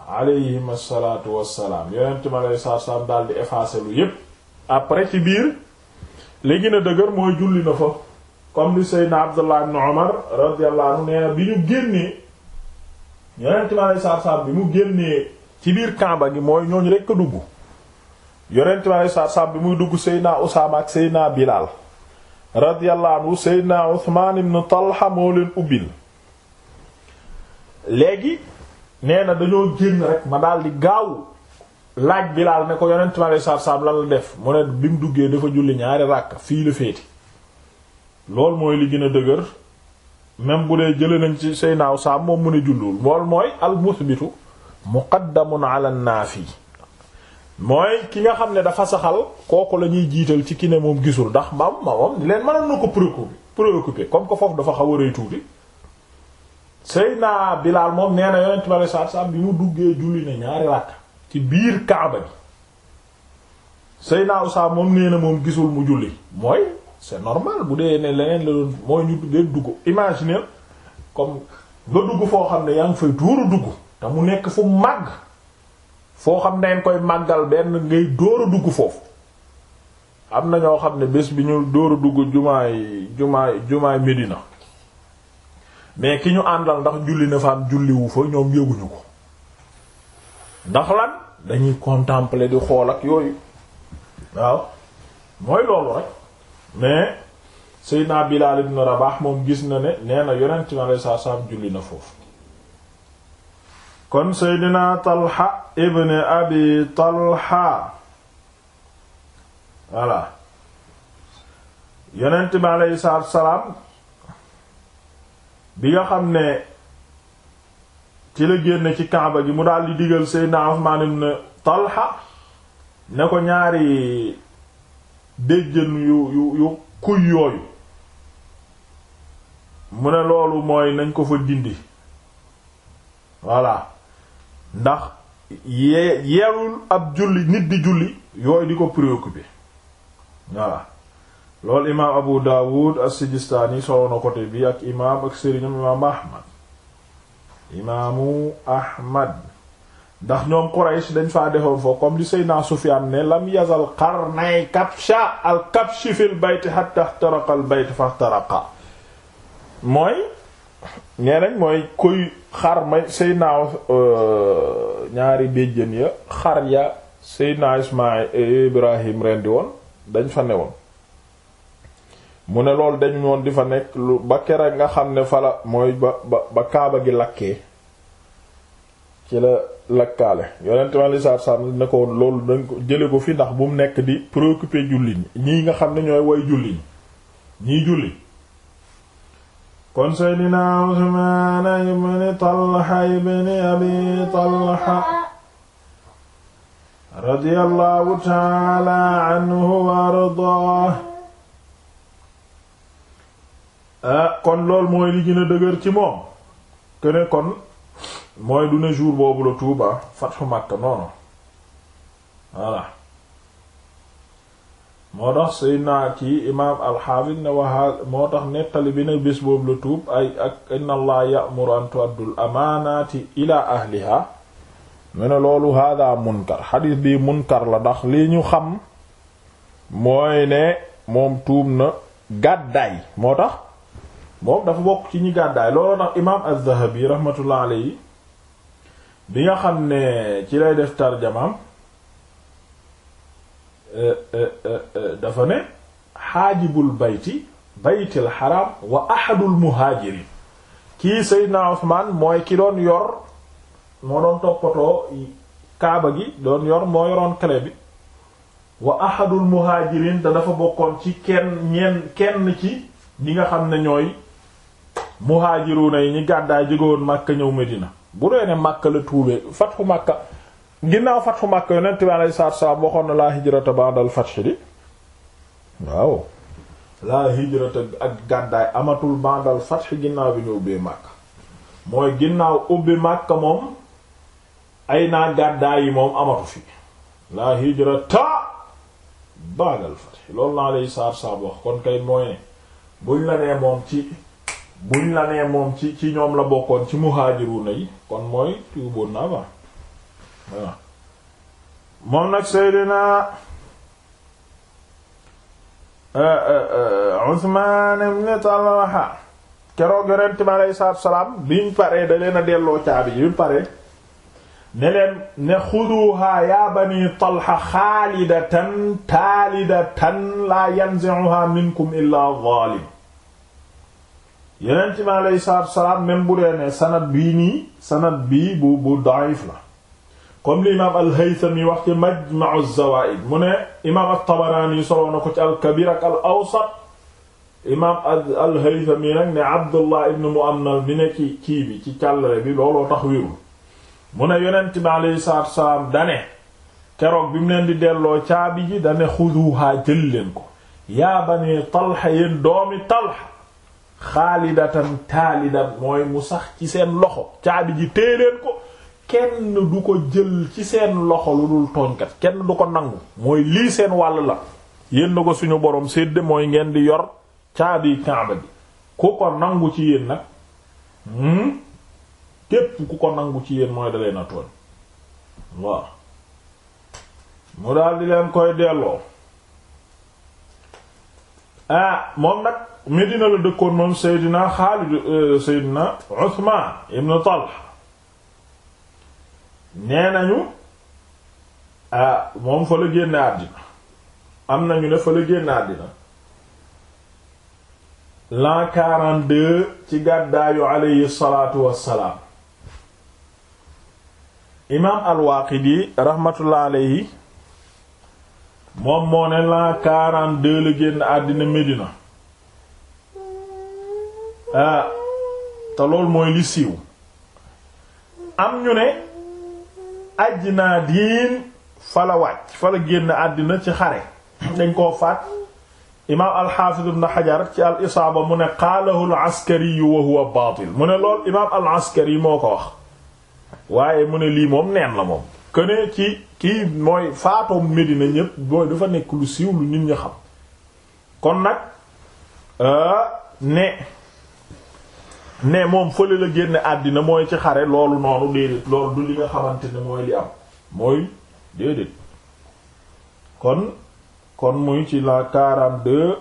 alayhim asalaatu wassalaam yonent mi alayhi salaatu wassalaam daal di yépp après ci biir léegi gën dëgër mooy julli na fa comme li Seydina Abdullah ibn Umar radiyallahu anhu bi ñu génnee yonent bi aleyhi salaatu bi mu génnee ci biir kàmba gi mooy ñooñu rekk a dugg yonent bi aleyhi salaatu bi muy dugg Seydina Usaama ak Seydina Bilaal radiyallahu anhu Seydina Usmaan ibn Talha moo leen ubbil léegi nee na dañoo génn rek ma daal di gaaw laaj Bilaal ne ko yonent bi aleyhi salaatu salaam lan la def mu ne bi mu duggee dafa julli ñaari ràkk fii la féeti loolu mooy li gën a dëgër même bu dee jëlee nañ ci say naaw saam moom mu ne julluwul loolu mooy al musbitu muqaddamun ala naafi mooy ki nga xam ne dafa saxal kooku lañuy jiital ci ki ne moom gisul ndax mam mamam leen mënoon na ko préoccupé préoccupé comme que foofu dafa xaw a rëy tuuti Seyna Bilaal moom nee na yonent bi sallallahu alayhi wasallam bi mu duggee julli ne ñaari ràkk ci biir Kaaba bi Seyna Usaama moom nee na moom gisul mu julli mooy c'est normal bu dee ne leneen la doon mooy ñu deen dugg imaginer comme nga dugg foo xam ne yaa ngi fay dóoru dugg te mu nekk fu màgg foo xam ne koy màggal benn ngay dóor a foofu am na ñoo xam ne bés bi ñu dóor a jumaa jumaay jumaa jumaay Medina mais ki ñu àndal ndax julli na fa am julliwu fa ñoom yëguñu ko ndax lan dañuy contempler di xool ak yooyu waaw mooy loolu rek mais Seydina Bilaal ibn Rabaah moom gis na ne nee na yonent mi julli na foofu kon Seydina Talha ibn Abi Talha voilà yonent mi salaam bi nga xam ne ci la génn ci Kaaba gi mu daal di digal Seydina Usmaan ibn Talha ne ko ñaari déjjën yu yu yu kuy yooyu mu ne loolu mooy nañ ko fa dindi voilà ndax yee yeerul ab julli nit di julli yooyu di ko préoccupé voilà loolu imaam Abu Dawud as-Sijistaani solo na côté bi ak imaam ak sëriñam imaamu Ahmad imaamu Ahmad ndax ñoom Quraysh dañ faa defoon foofu comme li Seydina Sufyaan ne lam yazal qarnay kabsha al kabshi fil bayt hatta ihtaraqa al bayt fa ihtaraqa mooy ñee nañ mooy kuy xar ma Seydina euh, ñaari béjjën ya xar ya Seydina Ismaïl Ibrahim rendi woon dañ fa ne woon mu ne loolu dañu woon di fa nekk lu ba kere nga xam ne fala mooy ba ba kaaba gi lakkee lakkaale yonent ma li saar saar ne ko loolu dañ ko jële ko fi ndax bu mu nekk di préoccupé julli ñii nga xam ne ñooy way julli ñii julli kon seydina Usmaan ibn Talha ibn Abi Talha radiyallahu ta'ala anhu wa ardaah ah, kon loolu mooy li gën dëgër ci moom kene kon mooy du ne jour boobu la Touba fatxu Makka noonu voilà moo tax say naa kii imaam alxaafis ne waxaa moo tax nettali bi ne bés boobu la tuub ay ak inna allah ya'muru an tu'addul amaanaati ila ahliha mu ne loolu hada munkar xadiis bi munkar la ndax li ñu xam mooy ne moom tuub na gàddaay moo tax moom dafa bokk ci ñi gàddaay looloo tax imaam az-Zahabi rahmatullah alayhi bi nga xam ne ci lay def tarjamaam e, e, e, dafa ne xaajibul bayti baytil xaram wa ahadul muhajirin kii Seydina Usmaan mooy ki doon yor moo doon toppatoo kaaba gi doon yor moo yoroon clé bi wa ahadul muhajirin te dafa bokkoon ci kenn ñeen kenn ci ñi nga xam ne ñooy na yi ñi gàddaay jógowoon Makka ñëw Medina bu dee ne Makka la tuubee fatxu Makka ginnaaw fatxu Makka yonent bi alayhi salaatu salaam waxoon laa hijrata ba'dal fath di waaw laa hijrata ak gàddaay amatul ba'dal fath ginnaaw bi ñu ubbee Makka mooy ginnaaw ubbi Makka moom ay naa gàddaay yi moom amatu fi laa hijrata ba'dal fath loolu laa alayhi salaatu salaam wax kon kay mooy buñ la nee moom ci buñ la nee moom ci ci ñoom la bokkoon ci muhaajiruna yi kon mooy tuuboon na ba waaw moom nag Seydina euh, euh, euh, Usmaan ibn Talha keroog yonent bi aleyhi salaatu salaam biñ paree da leen a delloo caabi ji biñ paree ne leen ne xuduha yaa bani Talha xaalidatan taalidatan laa yanzi'uha minkum illaa zaalim yeneen ci ma salaam même bu dee ne sanad bii nii sanad bii bu bu daif la comme li imaam al-Haythami wax ci Majma'u Zawaa'id mu ne imaam at-Tabaraani soloo na ko ci al-Kabir ak al-Awsat imaam al-Haythami nag ne Abdullah ibn Mu'ammal bi ne ci kii bi ci càllale bi looloo tax wérul mu ne yonent bi dane keroog bi mu leen di delloo caabi ji dane xuduhaa jël leen ko yaa bani Talha yéen doomi Talha xaalidatan taalidan mooy mu sax ci seen loxo caabi ji téye leen ko kenn du ko jël ci seen loxo lu dul tooñkat kenn du ko nangu mooy lii seen wàll la yéen na ko suñu borom sedd mooy ngeen di yor caabi Kaaba bi ku ko nangu ci yéen nag hmm? képp ku ko nangu ci yéen mooy dalee na tooñ waaw mu daal leen koy delloo ah moom nag Medina la dëkkoon moom Seydina Xaalid euh, Seydina Usmaan ibn Talha nee nañu ah moom fa la génne àddina am nañu ne fa la génne àddina l'an 42 ci gàddaayu aleyhi salaatu wassalaam imaam al-Waaqidi rahmatullah aleyhi moom moo ne l'an 42 la génn àddina Medina Ah, te loolu mooy li siiw am ñu ne ajnaa diin fala wàcc fala génn àddina ci xare dañ koo faat imaam alxaafiz ibn xajar ci al mu ne qaalahu al askari wa huwa baatil mu ne lool imaam al moo ko wax waaye mu ne lii moom neen la moom kënee ci kii mooy faatoom Medina ñépp mooy dafa nekk lu siiw lu nit ñi xam kon nag euh, ne ne moom fële la génne àddina mooy ci xare loolu noonu déedéet loolu du li nga xamante ne mooy li am mooy déedéet kon kon muy ci la 42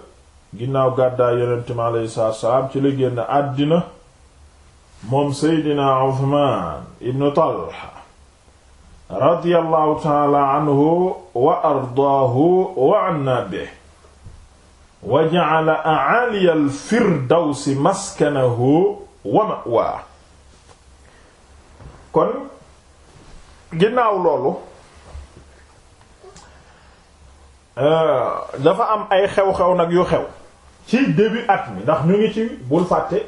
ginnaaw gàddaay yonente mi aleyhi salaatu ci la génn àddina moom seydina Uthman ibnu Talha radiyallahu taala anhu wa ardaahu wa anna wa ja'ala a'ali al-firdawsi maskanahu wama waa kon ginnaaw loolu euh, dafa am ay xew-xew nag yu xew ci début at mi ndax ñu ngi ci bul fàtte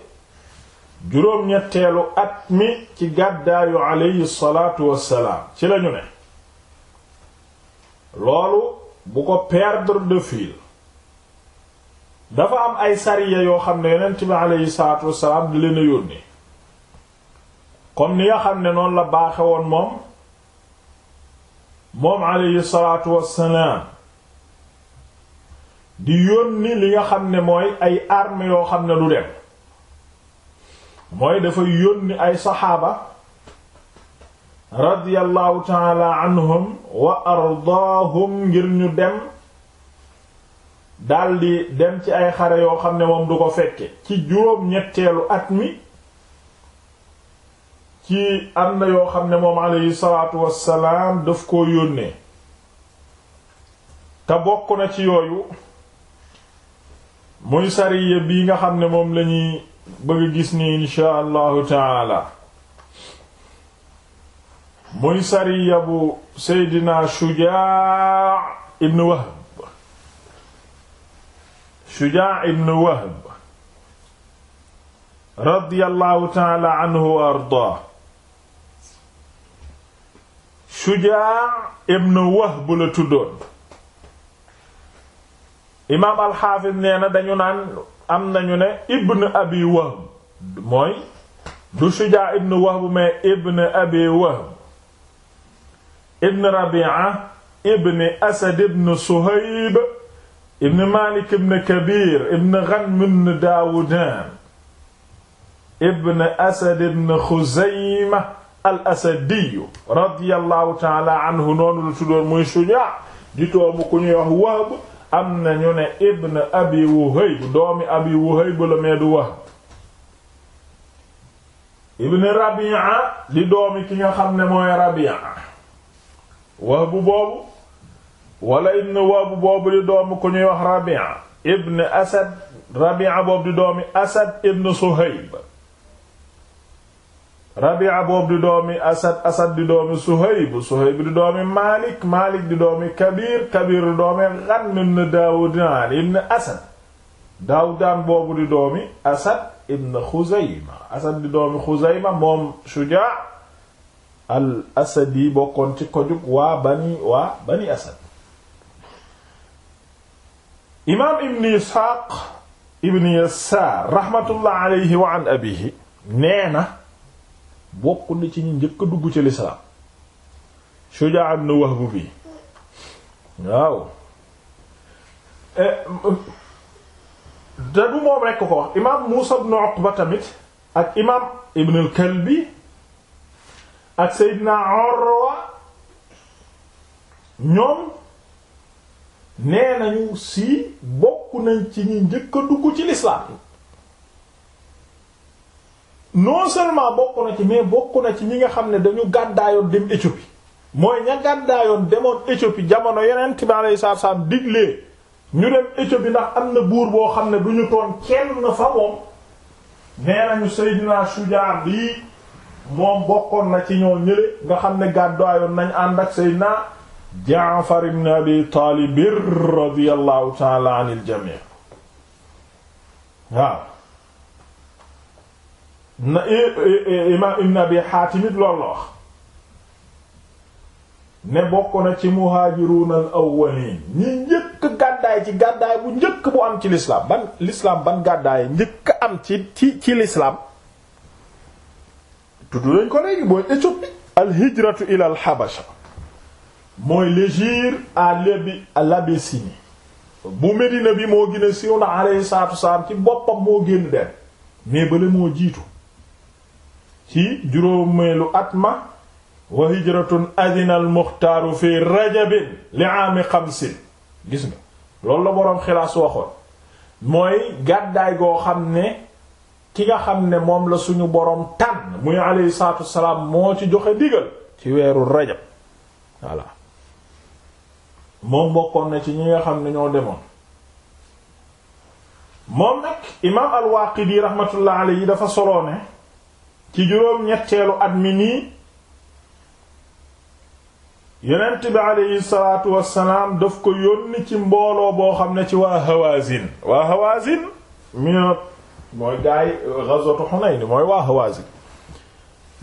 juróom-ñetteelu at mi ci gàddaayu alayhi salaatu wassalaam ci lañu ne loolu bu ko perdre de fil dafa am ay sariya yoo xam ne yonent bi aleyhi salaatu wasalaam di leen a yónnee comme ni nga xam ne noonu la baaxe woon moom moom aleyhi salaatu wasalaam di yónni li nga xam ne mooy ay armée yoo xam ne du dem mooy dafa yónni ay saxaaba radiyallahu taala anhum wa ardaahum ngir ñu dem daldi dem ci ay xare yoo xam ne moom du ko fekke ci juróom ñetteelu at mi ci am na yoo xam ne moom alayhi salaatu wassalaam daf koo yónnee te bokk na ci yooyu muy sariya bii nga xam ne moom lañuy bëgg gis ni insha allahu taala muy sariya bu seydina Shujaa Shujaa ibn Wahb radiyallahu taala anhu wa ardaa Shujaa ibn Wahb la tuddoon imaam alxaafis nee na dañu naan am nañu ne ibn abi Wahb mooy du Shujaa ibn Wahb mais ibn abi Wahb ibn Rabi'a ibn Asad ibn Suhayb ibn Malik ibn Kabir ibn Ghanm ibn Daawudan ibn Asad ibn Xuzayma al-Asadiyu radiyallahu ta'ala anhu noonu la tuddoon muy Shujaa di toomu ku ñuy wax Wahb am na ñu ne ibn Abi Wuhayb doomi Abi Wuhayb la mee du Wahb ibn Rabi'a di doomi ki nga xam ne mooy Rabi'a Wahb boobu wala ibn ñuy wax Asad Rabi'a boobu di doomi Asad ibn Suhayb Rabi'a boobu di doomi Asad Asad di doomi Malik Malik di doomi Kabir Kabir di doomi Ghanm ibn Daawudaan ibn Asad Daawudaan boobu di doomi Asad ibn Xuzayma Asad di doomi Xuzayma moom Shujaa al Asadi bokkoon ci kojug bani Asad imaam ibn isxaaq ibn yasaar raxmatullah alayhi wa an abihi nee na bokk na ci ñu njëkk a dugg ci lislaam shujaa ibn wahb bi waaw e, da du moom rekk ko wax imaam muusa ibn uqba tamit ak imaam ibn al kalbi ak seydina urwa ñoom nee nañu si bokk nañ ci ñi njëkk dugg ci lislaam non seulement bokk na ci mais bokk na ci ñi nga xam ne dañu gàddaayoon dem Éthiopie mooy ña gàddaayoon demoon Éthiopie jamono yeneen bi alayhi salaatu salaam diglee ñu dem Éthiopie ndax am na buur boo xam ne du ñu toon kenn fa moom nee nañu Seydina Shujaa bi moom bokkoon na ci ñoo ñële nga xam ne gàddaayoon nañ ànd ak Seydina Jaafar ibn Abi Taalib radiyallahu ta'ala anil jamii waaw na imaam ibn Abi Haatim loolu la ne bokk na ci muhaajiruun al awwaliin ñi njëkk gàddaay ci gàddaay bu njëkk bu am ci lislaam ban lislaam ban gàddaay njëkk am ci ci ci lislaam tudd lañ ko léegi booy Éthiopie al hijratu ila al Habasha mooy l'Égypte à l'Abyssinie bu Medina bi moo gën a siiw na alayhi salaatu wasalaam ci boppam moo génn dem mais bale moo jiitu ci juróomeelu at ma wa hijratun adina al muxtaaru fi rajabin li aami xamsin gis nga loolu la boroom xilaas waxoon mooy gàddaay goo xam ne ki nga xam ne moom la suñu boroom tànn muy alayhi salaatu moo ci joxe digal ci weeru rajab moom bokkoon na ci ñi nga xam ne ñoo demoon moom nag imaam al-Waaqidi rahmatullah alayhi dafa soloo ci juróom-ñetteelu at mi nii yonent bi alayhi salaatu wassalaam daf ko yónni ci mbooloo boo xam ne ci waa Hawaazin waa Hawaazin mine mooy gaay ghazwatu Hunayn mooy waa Hawaazin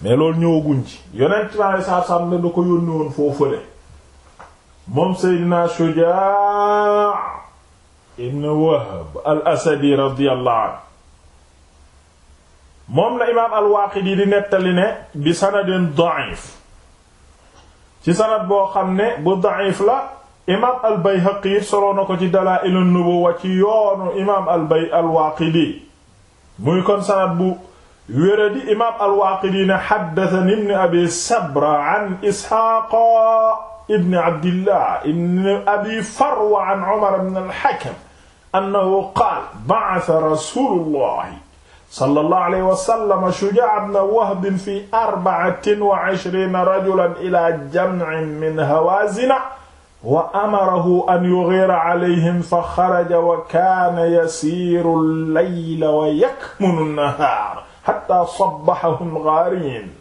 mais loolu ñëwaguñ ci yonent bi alayhi salaatu wassalaam ne da ko yónni woon foofule moom seydina shujaa ibn wahb al asadi radiyallahu anhu moom la imaam al waaqidi di nettali ne bi sanadin da'if ci sanad boo xam ne bu da'if la imaam al bayhaqi soloo na ko ci dalaa'il an nubuwwa ci yoonu imaam al bay al waaqidi muy kon sanad bu wéradi imaam al waaqidi ne haddathani ibn abi sabra an ibn abdillah ibn abi farwa an umar ibn al-hakam annahu qaala ba'atha rasuulullahi sallallahu alayhi wa sallam shujaa'a ibn wahb fi arba'atin wa ishriina rajulan ilaa jam'in min hawaazina wa amarahu an yughiira alayhim fa xaraja wa kaana yasiiru al-layla wa yakmunu an-nahaar hattaa sabbahahum ghaariin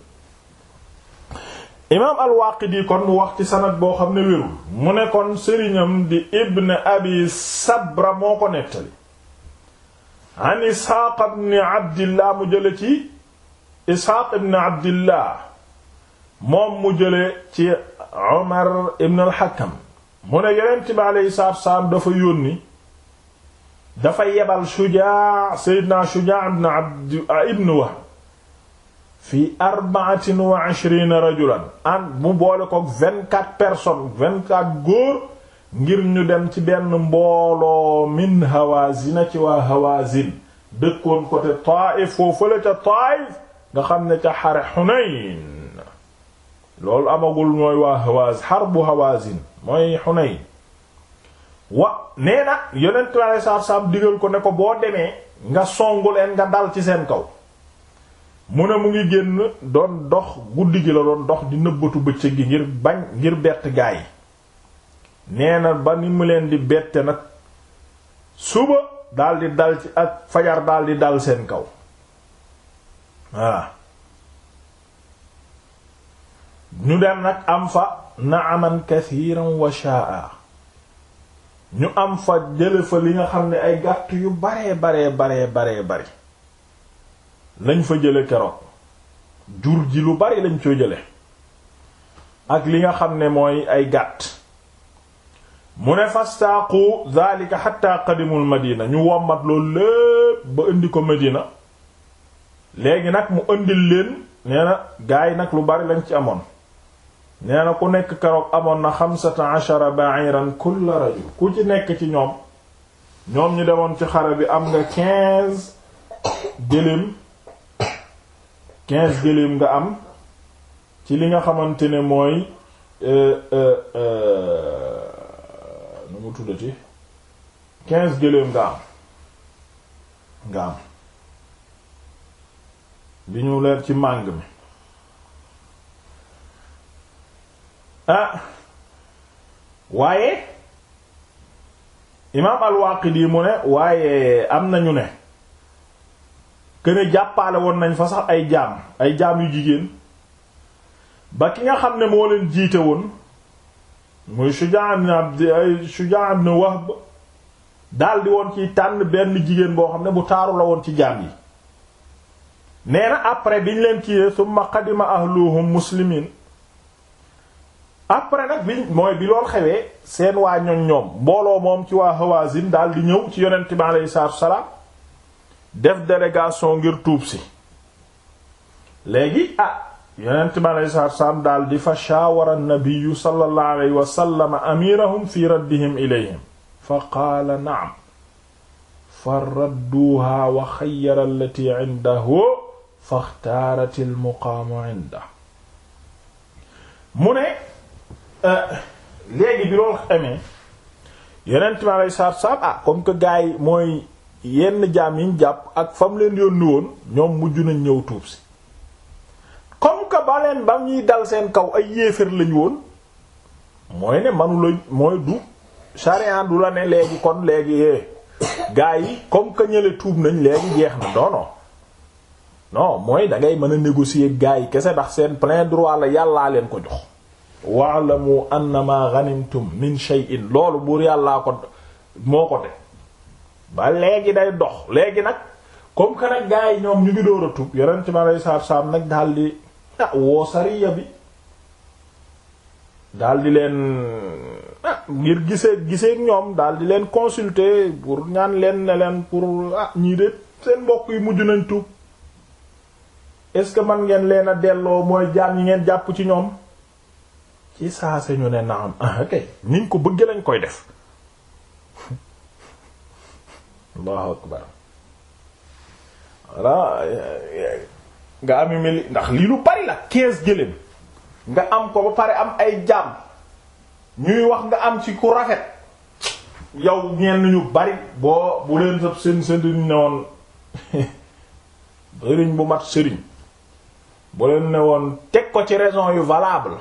imaam al kon mu wax sanad boo xam ne wérul mu ne kon sëriñam di ibn abi sabra moo ko nettali an isxaaq ibn abdillah mu jële ci isxaaq ibn abdillah moom mu jële ci omar ibn al mu ne yonent bi aleyhi salaatu salaam dafa yónni dafa yebal Shujaa seydina Shujaa ibn abd ibn Wahb fii arba'atin wa ishrina rajulan an mu boole ko vingt-quatre personnes vingt góor ngir ñu dem ci benn mbooloo min hawazina ci waa hawazin dëkkoon côté Taif foofu la ca Taif nga xam ne ca xare Hunayn loolu amagul mooy waa hawaz harbu hawazin mooy Hunayn wa nee na yonent bi aleyhi salaatu digal ko ne ko boo demee nga songu nga dal ci seen kaw mu ne mu ngi génn doon dox guddi gi la doon dox di nëbbatu bëccëg gi ngir bañ ngir bett gaay nee na ba ni mu leen di bette nag suba daldi dal ci ak fajar daldi dal seen kaw waa ñu dem nag am fa na'aman kathiran wa sha'a ñu am fa jële fa li nga xam ne ay gàtt yu bare bare bare bare bare lañ fa jële keroog jur ji lu bari lañ coo jële ak li nga xam ne mooy ay gàtt mu ne fastaaqu zalika xatta qadimul madina ñu wommat loolu lépp ba indi ko madina léegi nag mu indil leen nee na yi nag lu bari lañ ci amoon nee na ku nekk keroog amoon na xamsata ashara ba'iran kull rajul ku ci nekk ci ñoom ñoom ñu demoon ci xare bi am nga quinze gëléem quinze gëléem nga am ci li nga xamante ne mooy euh, euh, euh, nu mu tuddati quinze gëléem nga am nga am bi ñu leer ci màng mi ah waaye imaam al-Waaqidi mu ne waaye am nañu ne këne jàppale woon nañ fa sax ay jaam ay jaam yu jigéen ba ki nga xam ne moo leen jiite woon muy Shujaa ibn Abd Shujaa ibn Wahb daldi woon ci tànn benn jigéen boo xam ne bu taaru la woon ci jaam yi nee na après biñ leen kiiyee summa qadima ahluhum muslimin après nag bi mooy bi lool xewee seen waa ñoñ ñoom mbooloo moom ci waa Hawazin di ñëw ci yonent bi aleyhi salaam def délégation ngir tuub si léegi ah yonent mi aleyhi salaatu salaam daal di fa shaawara nabiyu sallallahu alayhi wa sallam amirahum fi raddihim ilayhim fa qaala naam fa radduuhaa wa xayyara allati indahu fa xtaarat almuqaamu indahu mu ne eh, léegi bi loolu xamee yonent mi aleyhi salaatu salaam ah comme que gaay mooy yenn jaam yiñ jàpp ak fam leen yónni woon ñoom mujj nañ ñëw tuub si comme que ba leen ba dal seen kaw ay yéefar lañ woon mooy ne manu mooy du charian du la ne léegi kon léegi eh, gaa yi comme que ñële tuub nañ léegi jeex na non non mooy dangay mën a négocier gaa yi kese ndax seen plein droit la yàllaa leen ko jox wa'lamu annama ghanimtum min shay'in loolu buur yàllaa ko moo ko def ba léegi day dox léegi nag comme que nag gars yi ñoom ñu ngi door a tub yonent bi aleyhi salaatu salaam nag daal di ah woo sariya bi daal di leen ah ngir gisee gisee ñoom daal di leen consulter pour ñaan leen ne leen pour ah ñii de seen mbokk yi mujj nañ tub est-ce que man ngeen leen a delloo mooy jaam yi ngeen jàpp ci ñoom ci saa se ñu ne naam ah kay niñ ko bëgg lañ koy def. allahu akbar voilà nga am meli ndax lii lu bari la quinze gëléem nga am ko ba pare am ay jaam ñuy wax nga am ci ku rafet yow ñenn ñu bari boo bu leen sab seen sëriñ ne woon sëriñ bu mat sëriñ bu leen ne woon teg ko ci raison yu valable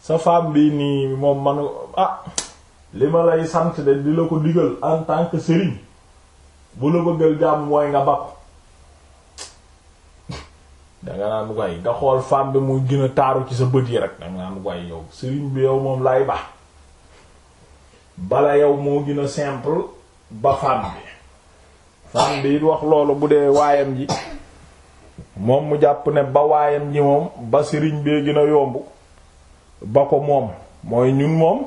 sa femme bi nii moom manu ah li ma lay sant de di la ko digal en tant que sëriñ bu la bëggal jàmm mooy nga bàpp danga naan way nga xool femme bi mu gën taaru ci sa bët yi rek danga naan way yow sëriñ bi yow moom lay baax bala yow moo gën a simple ba femme bi femme bi it wax loolu bu dee waayam ji moom mu jàpp ne ba waayam ji moom ba sëriñ bee gën yomb ba ko moom mooy ñun moom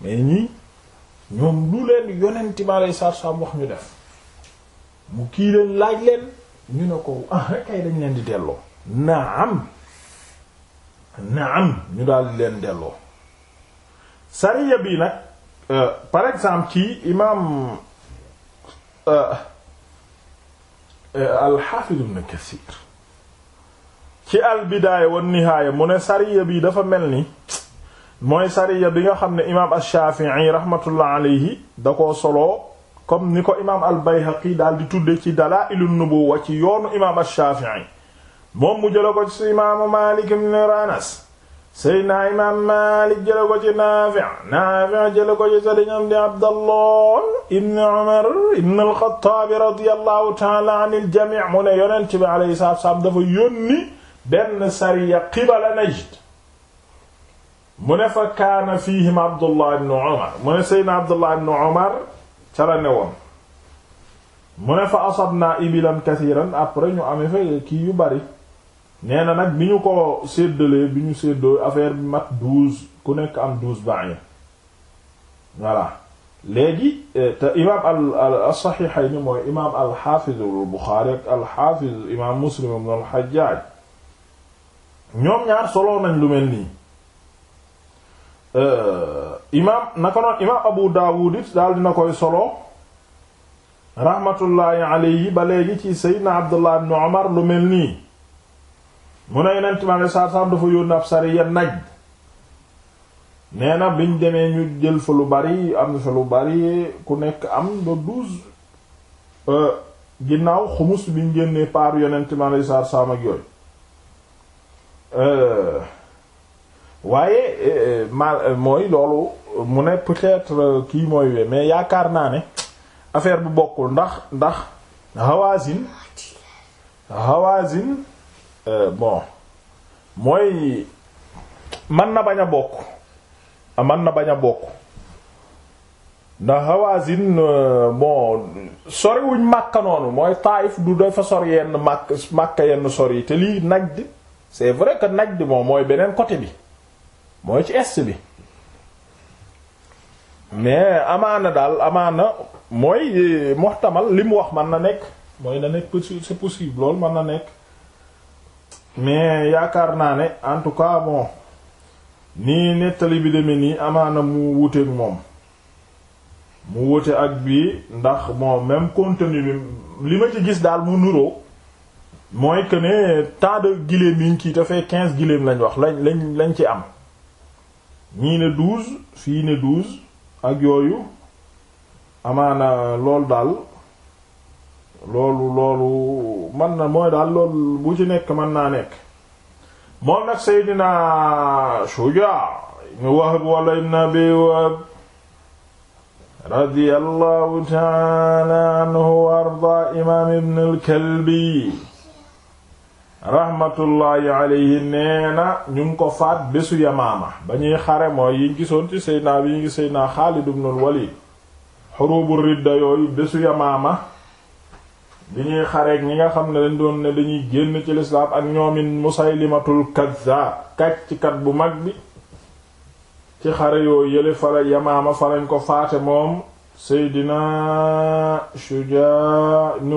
mais ñii ñoom lu leen yonenti ma lay sarsam wax ñu def mu kii leen laaj leen ñu ne ko ah kay dañ leen di delloo naam naam ñu daal di leen delloo sariya bi nag euh, par exemple ci imaam euh, euh, al-Hafiz Ibn Kathir ci al-Bidaaya wan-Nihaaya mu ne sariya bi dafa mel ni mooy sariya bi nga xam ne imaam ash-Shafi'i rahmatullah alayhi da koo soloo comme ni ko imaam al-Bayhaqi daal di tudde ci Dalaa'il an-Nubuwwa ci yoonu imaam ash-Shafi'i moom mu jëla ko ci imaamu Maalik ibn Anas Seydina imaam Maalik jëla ko ci Naafi' Naafi' jëla ko ci sëriñam di Abdallah ibn Umar ibn al-Khattab radiyallahu ta'ala anil jami' mu ne yonent bi alayhi salaatu wa salaam dafa yónni benn sariya qibala Najd mu ne fa kaana fihim abdullah ibn omar mu ne seydna abdullah ibn omar ca la ne woon mu ne fa asabna ibilan kasiran après ñu amee fa kii yu bari nee na nag bi ñu ko séddalee bi ñu séddoo affaire bi mat douze ku nekk am douze ba'ir voilà léegi eh, te imaam al saxiixayni mooy imaam al xaafiz al buxaari al xaafiz imaam muslim ibn al xajjaaj ñoom ñaar soloo nañ lu mel nii Euh, imaam naka noon imaam Abu Daawud it daal dina koy solo rahmatullahi alayhi ba léegi ci Seydina Abdullah ibn Umar lu mel nii mu ne Yonent mi alayhi salaatu salaam dafa yónni ab sariya Najd nee na biñ demee ñu jël fa lu bari am fa lu bari ku nekk am ba douze euh, ginnaaw xumus biñ génnee paar Yonent mi alayhi salaatu salaam ak yooyu euh, waaye eh, eh, ma eh, mooy loolu mu ne peut-être euh, kii mooy we mais yaakaar naa ne affaire bu bokkul ndax ndax Hawazin Hawazin euh, bon mooy man na bañ a bokk ah, man na bañ a bokk ndax Hawazin euh, bon soriwuñ Makka noonu mooy Taïf du dafa sor yenn Makka Makka yenn sor yi te lii Najd c'est vrai que Najd moom mooy beneen côté bi mooy ci est bi mais amaana daal amaana mooy eh, moxtamal li mu wax man na nekk mooy na nekk c'est possible loolu mën na nekk mais yaakaar naa ne en tout cas bon ni nettali bi demee nii amaana mu wuteeg moom mu wute ak bii ndax bon même contenu bi li ma ci gis daal mu nuroo mooy que ne tas de giléem yi ñu kii dafay quinze giléem lañ wax lañ lañ lañ ci am ñii ne douze fii ne douze ak yooyu amaana loolu daal loolu loolu man na mooy daal loolu bu ci nekk mën naa nekk moom nag Seydina Shujaa ibn Wahb wala ibn Abi Wahb radiyallahu ta'ala anhu wa imaam ibn al rahmatullahi alayhi nee na ñu ngi ko faat bésu yamaama ba ñuy xare mooy yi gisoon ci seydnaa bi ñu ngi seydnaa Xaalid ibnul Walid xurubu ridda yooyu bésu yamaama bi ñuy xareek ñi nga xam ne dañ doon ne dañuy génn ci lislaam ak ñoomin Musaylimatul Kazzaab kàcckat bu mag bi ci xare yooyu yële fala yamaama falañ ko faate moom seydinaa Shujaa ibn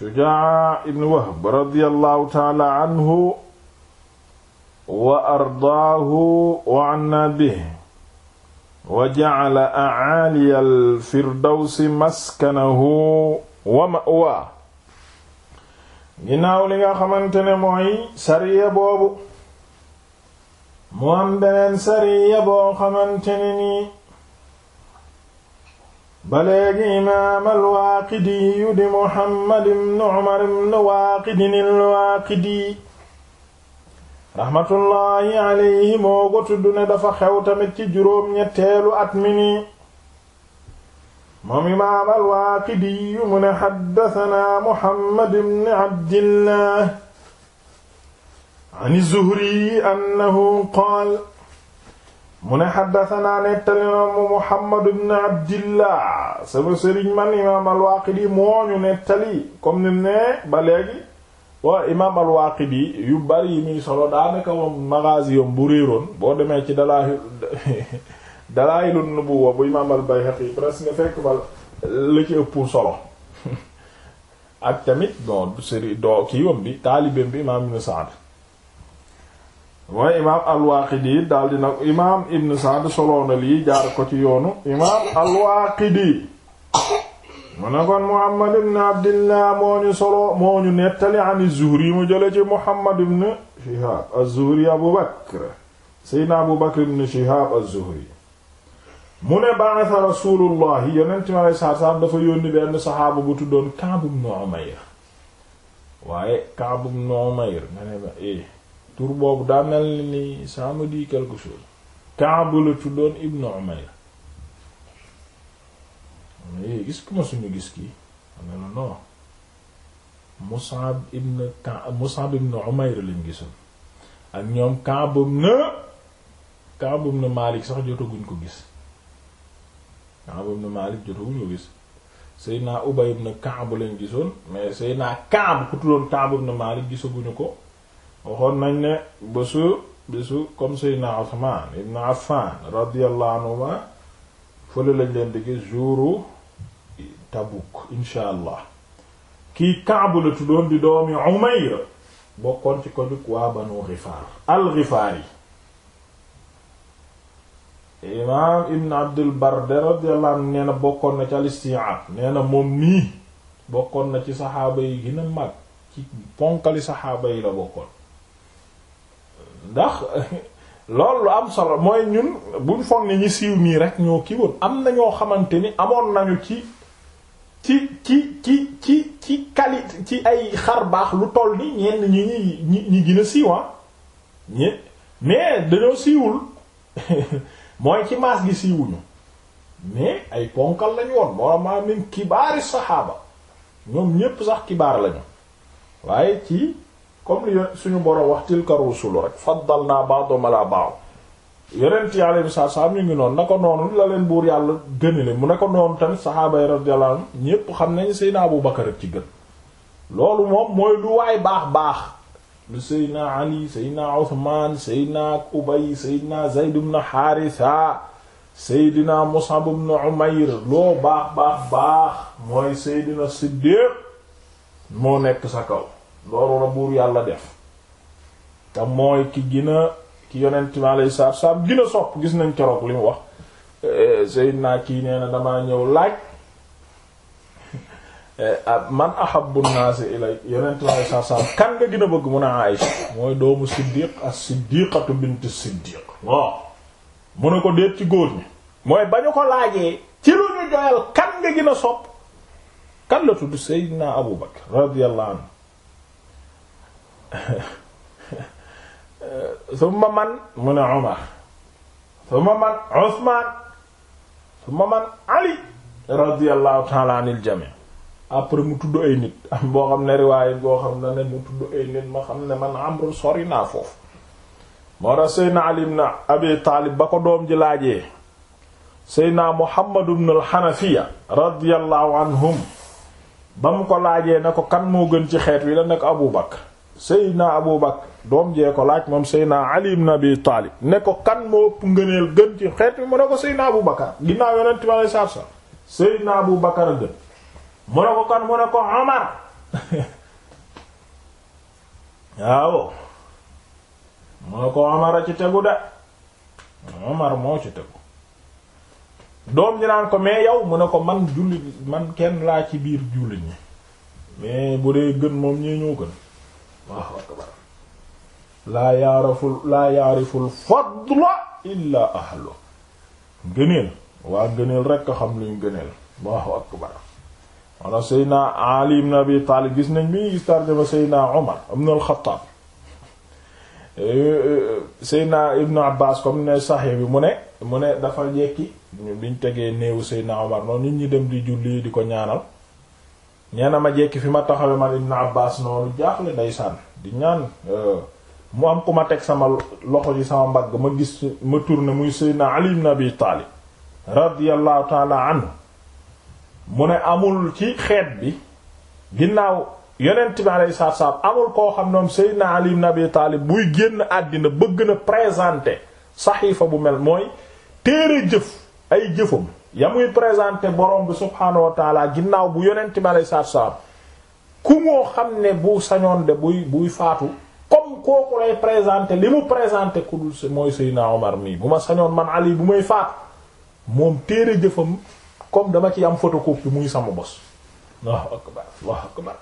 Shujaa ibn Wahb radiyallahu taala anhu wa ardaahu wa anna bihi wa ja'ala a'aaliya al-firdawsi maskanahu wa ma'waahu ginnaaw li nga xamante ne mooy sariya boobu mu am beneen sariya boo xamante ne nii ba léegi imaam al di Muhammad ibn Umar ibn Waaqid al-Waaqidi rahmatullahi alayhi moo dafa xew tamit ci juróom-ñetteelu at mi moom imaam al-Waaqidi yu mu ne Muhammad ibn Abdillah an az-Zuhri annahu mu ne naa nettali nañu Muhammadu ibn Abdillah sama sëriñ man imaam al yi moo ñu nettali comme ni ne ba léegi wa imaam al-Waaqidi yu bari yi muy solo daa moom magaasi yom bu réeroon boo demee ci dalaayu Dalaa'ilun Nubuwwa bu imaam al-Bayhaqi presque nga fekk ba la ci ëpp solo ak tamit bon sëriñ doo kii wam bi taalibeem bi imaam Ibn mooy imaam al-Waaqidi daal di nag imaam Ibn Sa'd soloon jaar ko ci yoonu imaam al mu ne kon Muhammad ibn Abdillah moo ñu solo moo ñu nettali an az-Zuhri mu jële ci Muhammad ibn Shihab az-Zuhri Abu Bakr ibn Shihab az mu ne ba'atha Rasulullah yonent mi alayhi salaatu dafa yónni benn saxaaba bu tuddoon Ka'b ibn Umayr waaye Ka'b ibn Umayr nga ne ma eh. tur boobu daa mel ni ça me dit quelque chose Kaab la tuddoon Ibnu Umayr mais eh, gis ku ma suñu gis kii ma ne la non Mus'ab ibn Kaab Mus'ab ibn Umayr gisoon ak ñoom Kaab ibn Kaab ibn Maalik sax jotaguñ ko gis Kaab ibn Maalik jotaguñ ko gis Seydina Ubay ibn Kaab lañ gisoon mais Seydina Kaab ku tuddoon Kaab ibn Maalik gisaguñu ko waxoon nañ ne bésu bésu comme Seydina Usmaan ibn Affan radiyallahu anhuma fële lañ leen di gis jouru Tabuk insha allah Kaabu la tuddoon di doomi Umayr bokkoon ci ko jug waa Banu al-Gifaari yi imaam Ibn Abdul Barr radiyallahu anhu nee bokkoon na ci al-Isti'aab nee moom nii bokkoon na ci saxaaba yi gën a mag ci ponkali saxaaba yi la bokkoon ndax loolu lu am solo mooy ñun buñ foog ne ñi siiw nii rek ñoo kii woon am na ñoo xamante ni amoon nañu ci ci ci ci ci ci qualité ci ay xar baax lu toll ni ñenn ñi ñi ñi gën a siiwaan ah. ñi mais dañoo siiwul mooy ci maas gi siiwuñu mais ay ponkal lañu woon moo maa min kibaari saxaaba ñoom ñépp sax kibaar lañu waaye ci comme li suñu borom wax tilka rusulu rek faddalna ba'dahum ala ba'd yonent yi alayhi salaam ñu ngi noonu na ko noonu la leen buur yàlla gënale mu ne ko noonu tamit saxaaba yi radiyallahu anhum ñépp xam nañ Seydina Abu Bakar ci gën loolu moom mooy lu waay baax baax lu Seydina Ali Seydina Uthman Seydina Ubay Seydina Zayd ibn Haritha Seydina Mus'ab ibn Umayr loo baax baax baax mooy Seydina Siddiq moo nekk sa kaw loolu la yàlla def te mooy ki gina ki yonent mi alayhi salaatu salaam gina sopp gis nañ keroog li mu wax eh, naa kii nee na damaa ñëw laaj eh, ah, man ahabbu naasi ilay yonent mi alayhi salaatu salaam kan nga gën bëgg mun a Aïcha mooy doomu siddiq as-siddiqatu bint siddiq waaw mu ne ko déet ci góor ñi mooy ba ñu ko laajee ci lu ñu doyal kan nga gën sopp kan la tudd Seydina Abu Bakr radiyallahu anhu summa man mu ne Umar summa man Usman summa man Ali radiyallahu ta'ala anil jami' après mu tudd ay nit am boo xam ne riwaayé boo xam ne ne mu tudd ay nit ma xam ne man amru sori naa foofu moo tax seydna ali ibn abi ba ko doom ji laajee seydna muhammadu ibn al-hanafiya radiyallahu anhum ba mu ko laajee ne ko kan moo gën ci xeet wi la nekk abu bakar Seydina Abu Bakr doom jee ko laaj moom Seydina na ibn Abi Taalib ne ko kan moo ëpp ngëneel gën ci xeet mi mu ne ko Seydina Abu Bakr ginnaaw yonent bi alayhi salaatu salaam Seydina Abu Bakr a gën mu ne ko kan mu ne ko Omar waaw mu ne ko Omar a ci tegu de Omar moo ci tegu doom ji naan ko mais yow mu ne ko man jullit man kenn laa ci biir jullit ñi mais bu dee gën moom ñee ñoo gën Allahu akbar laa yaarafu laa yaariful fadla illaa ahlu gëneel waa gëneel rekk xam luñ gëneel Allahu akbar wala Seydina Ali ibn Abi Taalib gis nañ bi gis tarjama Seydina Omar ibn al-Khattab eh, eh, Seydina Ibn Abbas comme ne saxee bi mu ne mu ne dafa jekki ñu tegee néewu Seydina Omar noonu nit dem di julli di ko ñaanal nee na ma jekki fi ma taxawe man Ibn Abbas noonu jaaxle ndeysaan di ñaan euh, mu am ku ma teg sama loxo ci sama mbagg ma gis ma tourné muy na Ali ibn Abi Taalib radiyallahu taala anhu mu ne amul ci xeet bi ginnaaw yonent bi alayhi amul koo xam noom Seydina Ali ibn Abi Taalib buy génn àddina bëgg na présenter saxiifa bu mel mooy téere jëf ay jëfam ya muy présenté borom bi subhaanahu wa ginnaaw bu yonent bi alei salaatu salaam ku moo xam ne bu sañoon de buy buy faatu comme kooku lay présenté li mu présenté ku dul mooy Seydina Omar mii bu ma sañoon man Ali bu may faat moom téere jëfam comme dama ci am photocopie muy sama bos Allahu akbar Allahu akbar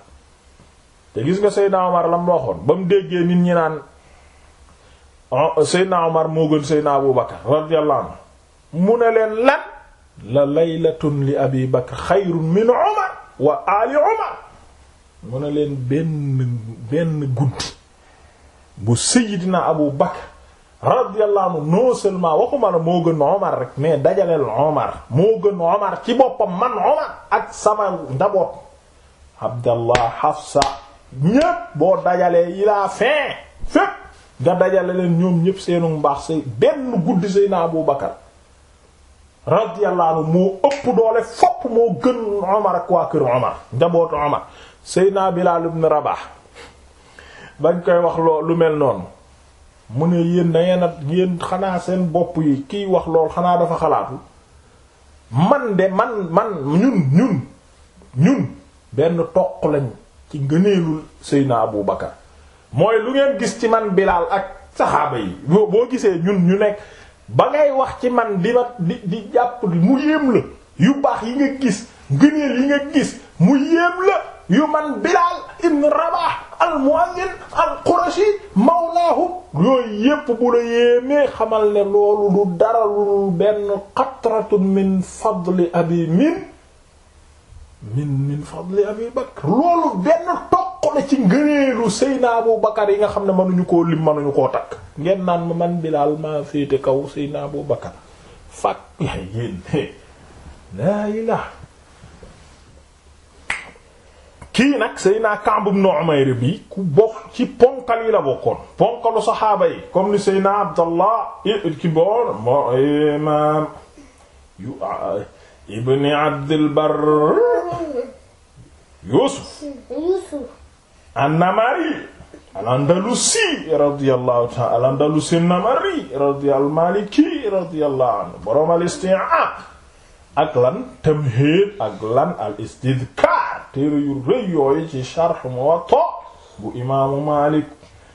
te gis nga Seydina la lam waxoon ba mu déggee nit ñi naan Seydina Omar moo gën Seydina Abu Bakar radiyallahu anhu mu ne leen lan la laylatun li abi bakr xayrun min umar wa ali umar mu leen benn benn guddi bu sayyidina abu bakr radiyallahu anhu non seulement waxuma moo gën omar rek mais dajaleel omar moo gën omar ci boppam man omar ak sama njaboot abdallah hafsa ñépp boo dajalee yi laa fin fépp nga dajale leen ñoom ñépp seenu mbaax say benn guddi sayyidina abu radiyallahu anhu moo ëpp doole fopp moo gën Omar ak waa kër Omar njabootu Omar Seydina Bilal ibn Rabah bañ koy wax loo lu mel noonu mu ne yéen da yen a yéen xanaa seen bopp yi kiy wax lool xanaa dafa xalaatu man de man man ñun ñun ñun benn toq lañ ci ngëneelul Seydina Abu Bakar mooy lu ngeen gis ci man Bilal ak saxaaba yi boo boo gisee ñun ñu nekk. ba ngay wax ci man di ma di di jàpp mu yéem la yu baax yi nga gis ngëneel yi nga gis mu yéem la yu man Bilaal ibn Rabah al-Mu'azzin mawlaahum yooyu yépp bu la yéemee xamal le loolu du dara lu benn qatratu min fadli abi min min min fadli abi bakr loolu benn toq la ci ngëneelu Seydina Abu Bakar yi nga xam ne mënuñu koo lim mënuñu koo takk ngeen naan ma man Bilaal maa féete kaw Seydina Abu Bakar fàkk nag Seydina Ka'b ibn Umayr bi ku bokk ci ponkal yi la bokkoon ponkalu saxaaba yi comme ni Seydina Abdallah ki moo imaam ibni abdil bar yuusuf annamari al-andalusi radiyallahu ta'ala al-andalusi annamari radiyallahu maliki radiyallahu anhu borom al-isti'ab ak lan tamhid ak lan al-istidhkar téere yu rëy yooyu ci sharh muwatta bu imaamu malik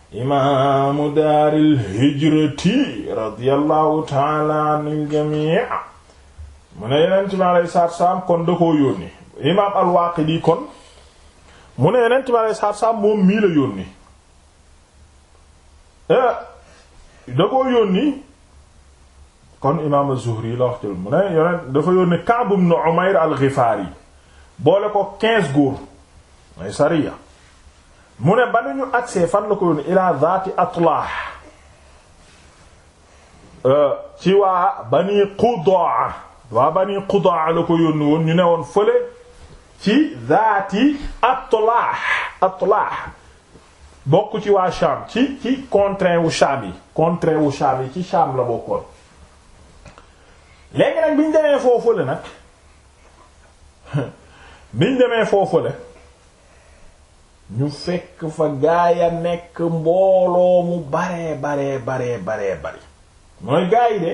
imaamu daaril hijrati radiyallahu ta'ala anil jami' mu ne yonent bi alayhi salaatu salaam kon da koo yónni imaam al-Waaqidi kon mu ne yonent bi alayhi salaatu salaam moom mii la yónni eh, da koo yónni kon imaam az-Zuhri la wax mu ne yonent dafa yónni Ka'b ibn Umayr al-Ghifaari boole ko quinze góor may sariya mu ne ba nu ñu agsee fan la ko yónni ilaa zaati atlaah eh, ci waa bani Qudaa waa bani Qudaa la ko yónni woon ñu ne woon fële ci zaati Atlaah Atlaah bokk ci waa Sham ci ci contrain wu Sham yi contrain wu Sham yi ci Sham la bokkoon léegi nag bi ñu demee foofu la nag bi ñu demee foofu la ñu fekk fa gaaya nekk mbooloo mu baree baree baree baree mooy gaay de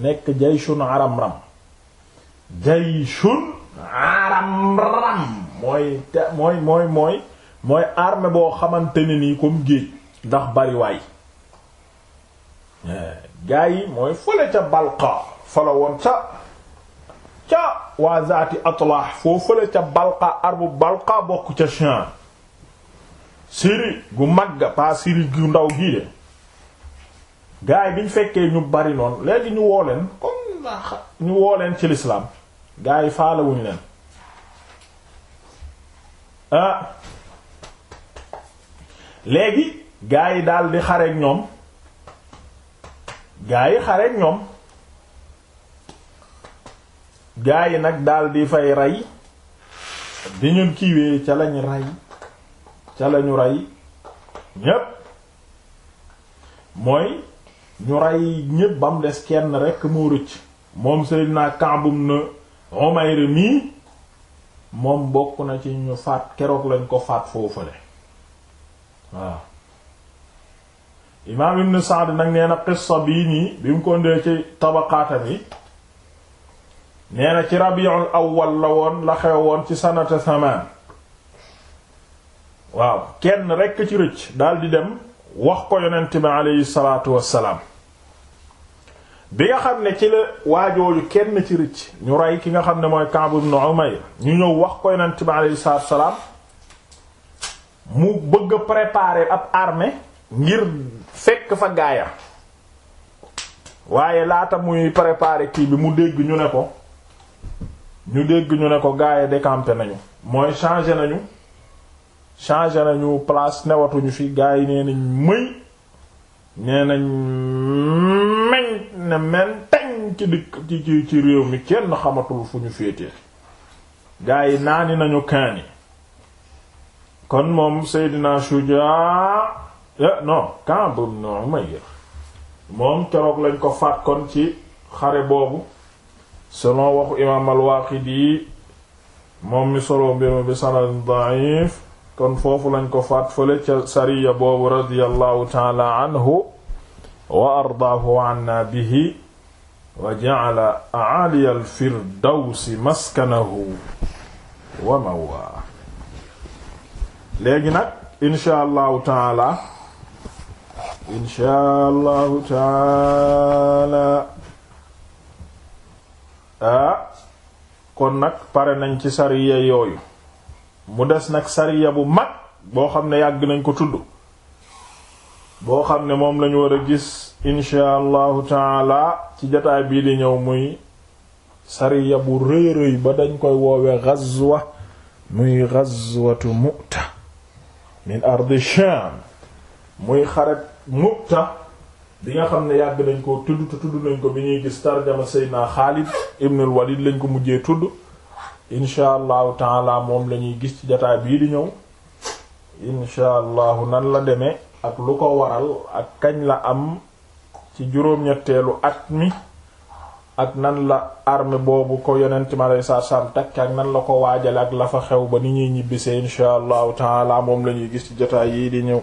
nekk jayshun aramram jayshun aramram mooy te mooy mooy mooy mooy boo xamante ni nii comme géej ndax bariwaay eh, gaa mooy fële ca balqa fala woon ca ca waa zaati atlah foo fële ca balqa arbu balqa bokk ca Sham Syrie gu mag pas Syrie gu ndaw gii gaa yi bi ñu fekkee ñu bari noonu léegi ñu woo leen comme ñu woo leen ci lislaam gars yi faalewuñu leen ah léegi gars yi daldi di ñoom gars yi xareek ñoom gars yi nag daal fay rey di ñun kiiwee ca lañ rey ca lañu rey ñépp mooy ñu rey ñépp ba mu des kenn rekk moo rëcc moom Seydina Kaabum na Umayr mii moom bokk na ci ñu faat keroog lañ ko faat foofale waaw imaam Ibn Sa'd nag nee qissa bii nii bi mu ko ndee ci tabaqaatam yi nee na ci rabiul awwal la woon la xew woon ci sanata samaan waaw kenn rekk ci rëcc daldi dem wax ko yonent bi aleyhi salaatu wassalaam bi nga xam ne ci la waajooju kenn ci rëcc ñu rey ki nga xam ne mooy Ka'b ibn Umayr ñu ñëw wax koy yonent bi alayhi salaatu salaam mu bëgg a préparer ab armée ngir fekk fa gaaya waaye laata muy préparer kii bi mu dégg ñu ne ko ñu dégg ñu ne ko gaaya décampé nañu mooy changé nañu changé nañu place newatuñu fi gaay yi nee nañ mëy nee meñ ne mentañ ci dëkk ci ci réew mi kenn xamatul fu ñu féetee gaa yi naani nañu kaani kon moom Seydina Shujaa eh, non Kaab ibn Umayr moom keroog lañ ko faat kon ci xare boobu selon waxu imaam al-Waaqidi moom mi solo mbir mi bi sanad da'if kon foofu lañ ko faat fële ca sariya boobu radiyallahu taala anhu wa ardaahu wa anna bihi wa ja'ala a'aliya al-firdawsi maskanahu wa mawaa léegi nag insha allahu taala insha allahu taala ah, kon nag pare nañ ci sariya yooyu mu des nag sariya bu mag boo xam ne yàgg nañ ko tudd boo xam ne moom lañu war a gis insha allahu taala ci jataay bii di ñëw muy sariya bu rëy rëy ba dañ koy woowe ghazwa muy ghazwatu mu'ta min ardi muy xaret mu'ta bi nga xam ne yàgg nañ ko tudd te tudd nañ ko bi ñuy gis tarjama seydna Xaalid ibnul Walid lañ ko mujjee tudd incha allahu la moom lañuy gis ci jotaay bii di ñëw incha allahu nan la demee ak lu ko waral ak kañ la am ci juróom-ñetteelu at mi ak nan la armée boobu ko yonent ma lay saa saam takk ak nan la ko waajale ak la fa xew ba ni ñuy ñibbisee incha allahu la moom la ñuy gis ci jotaay yii di ñëw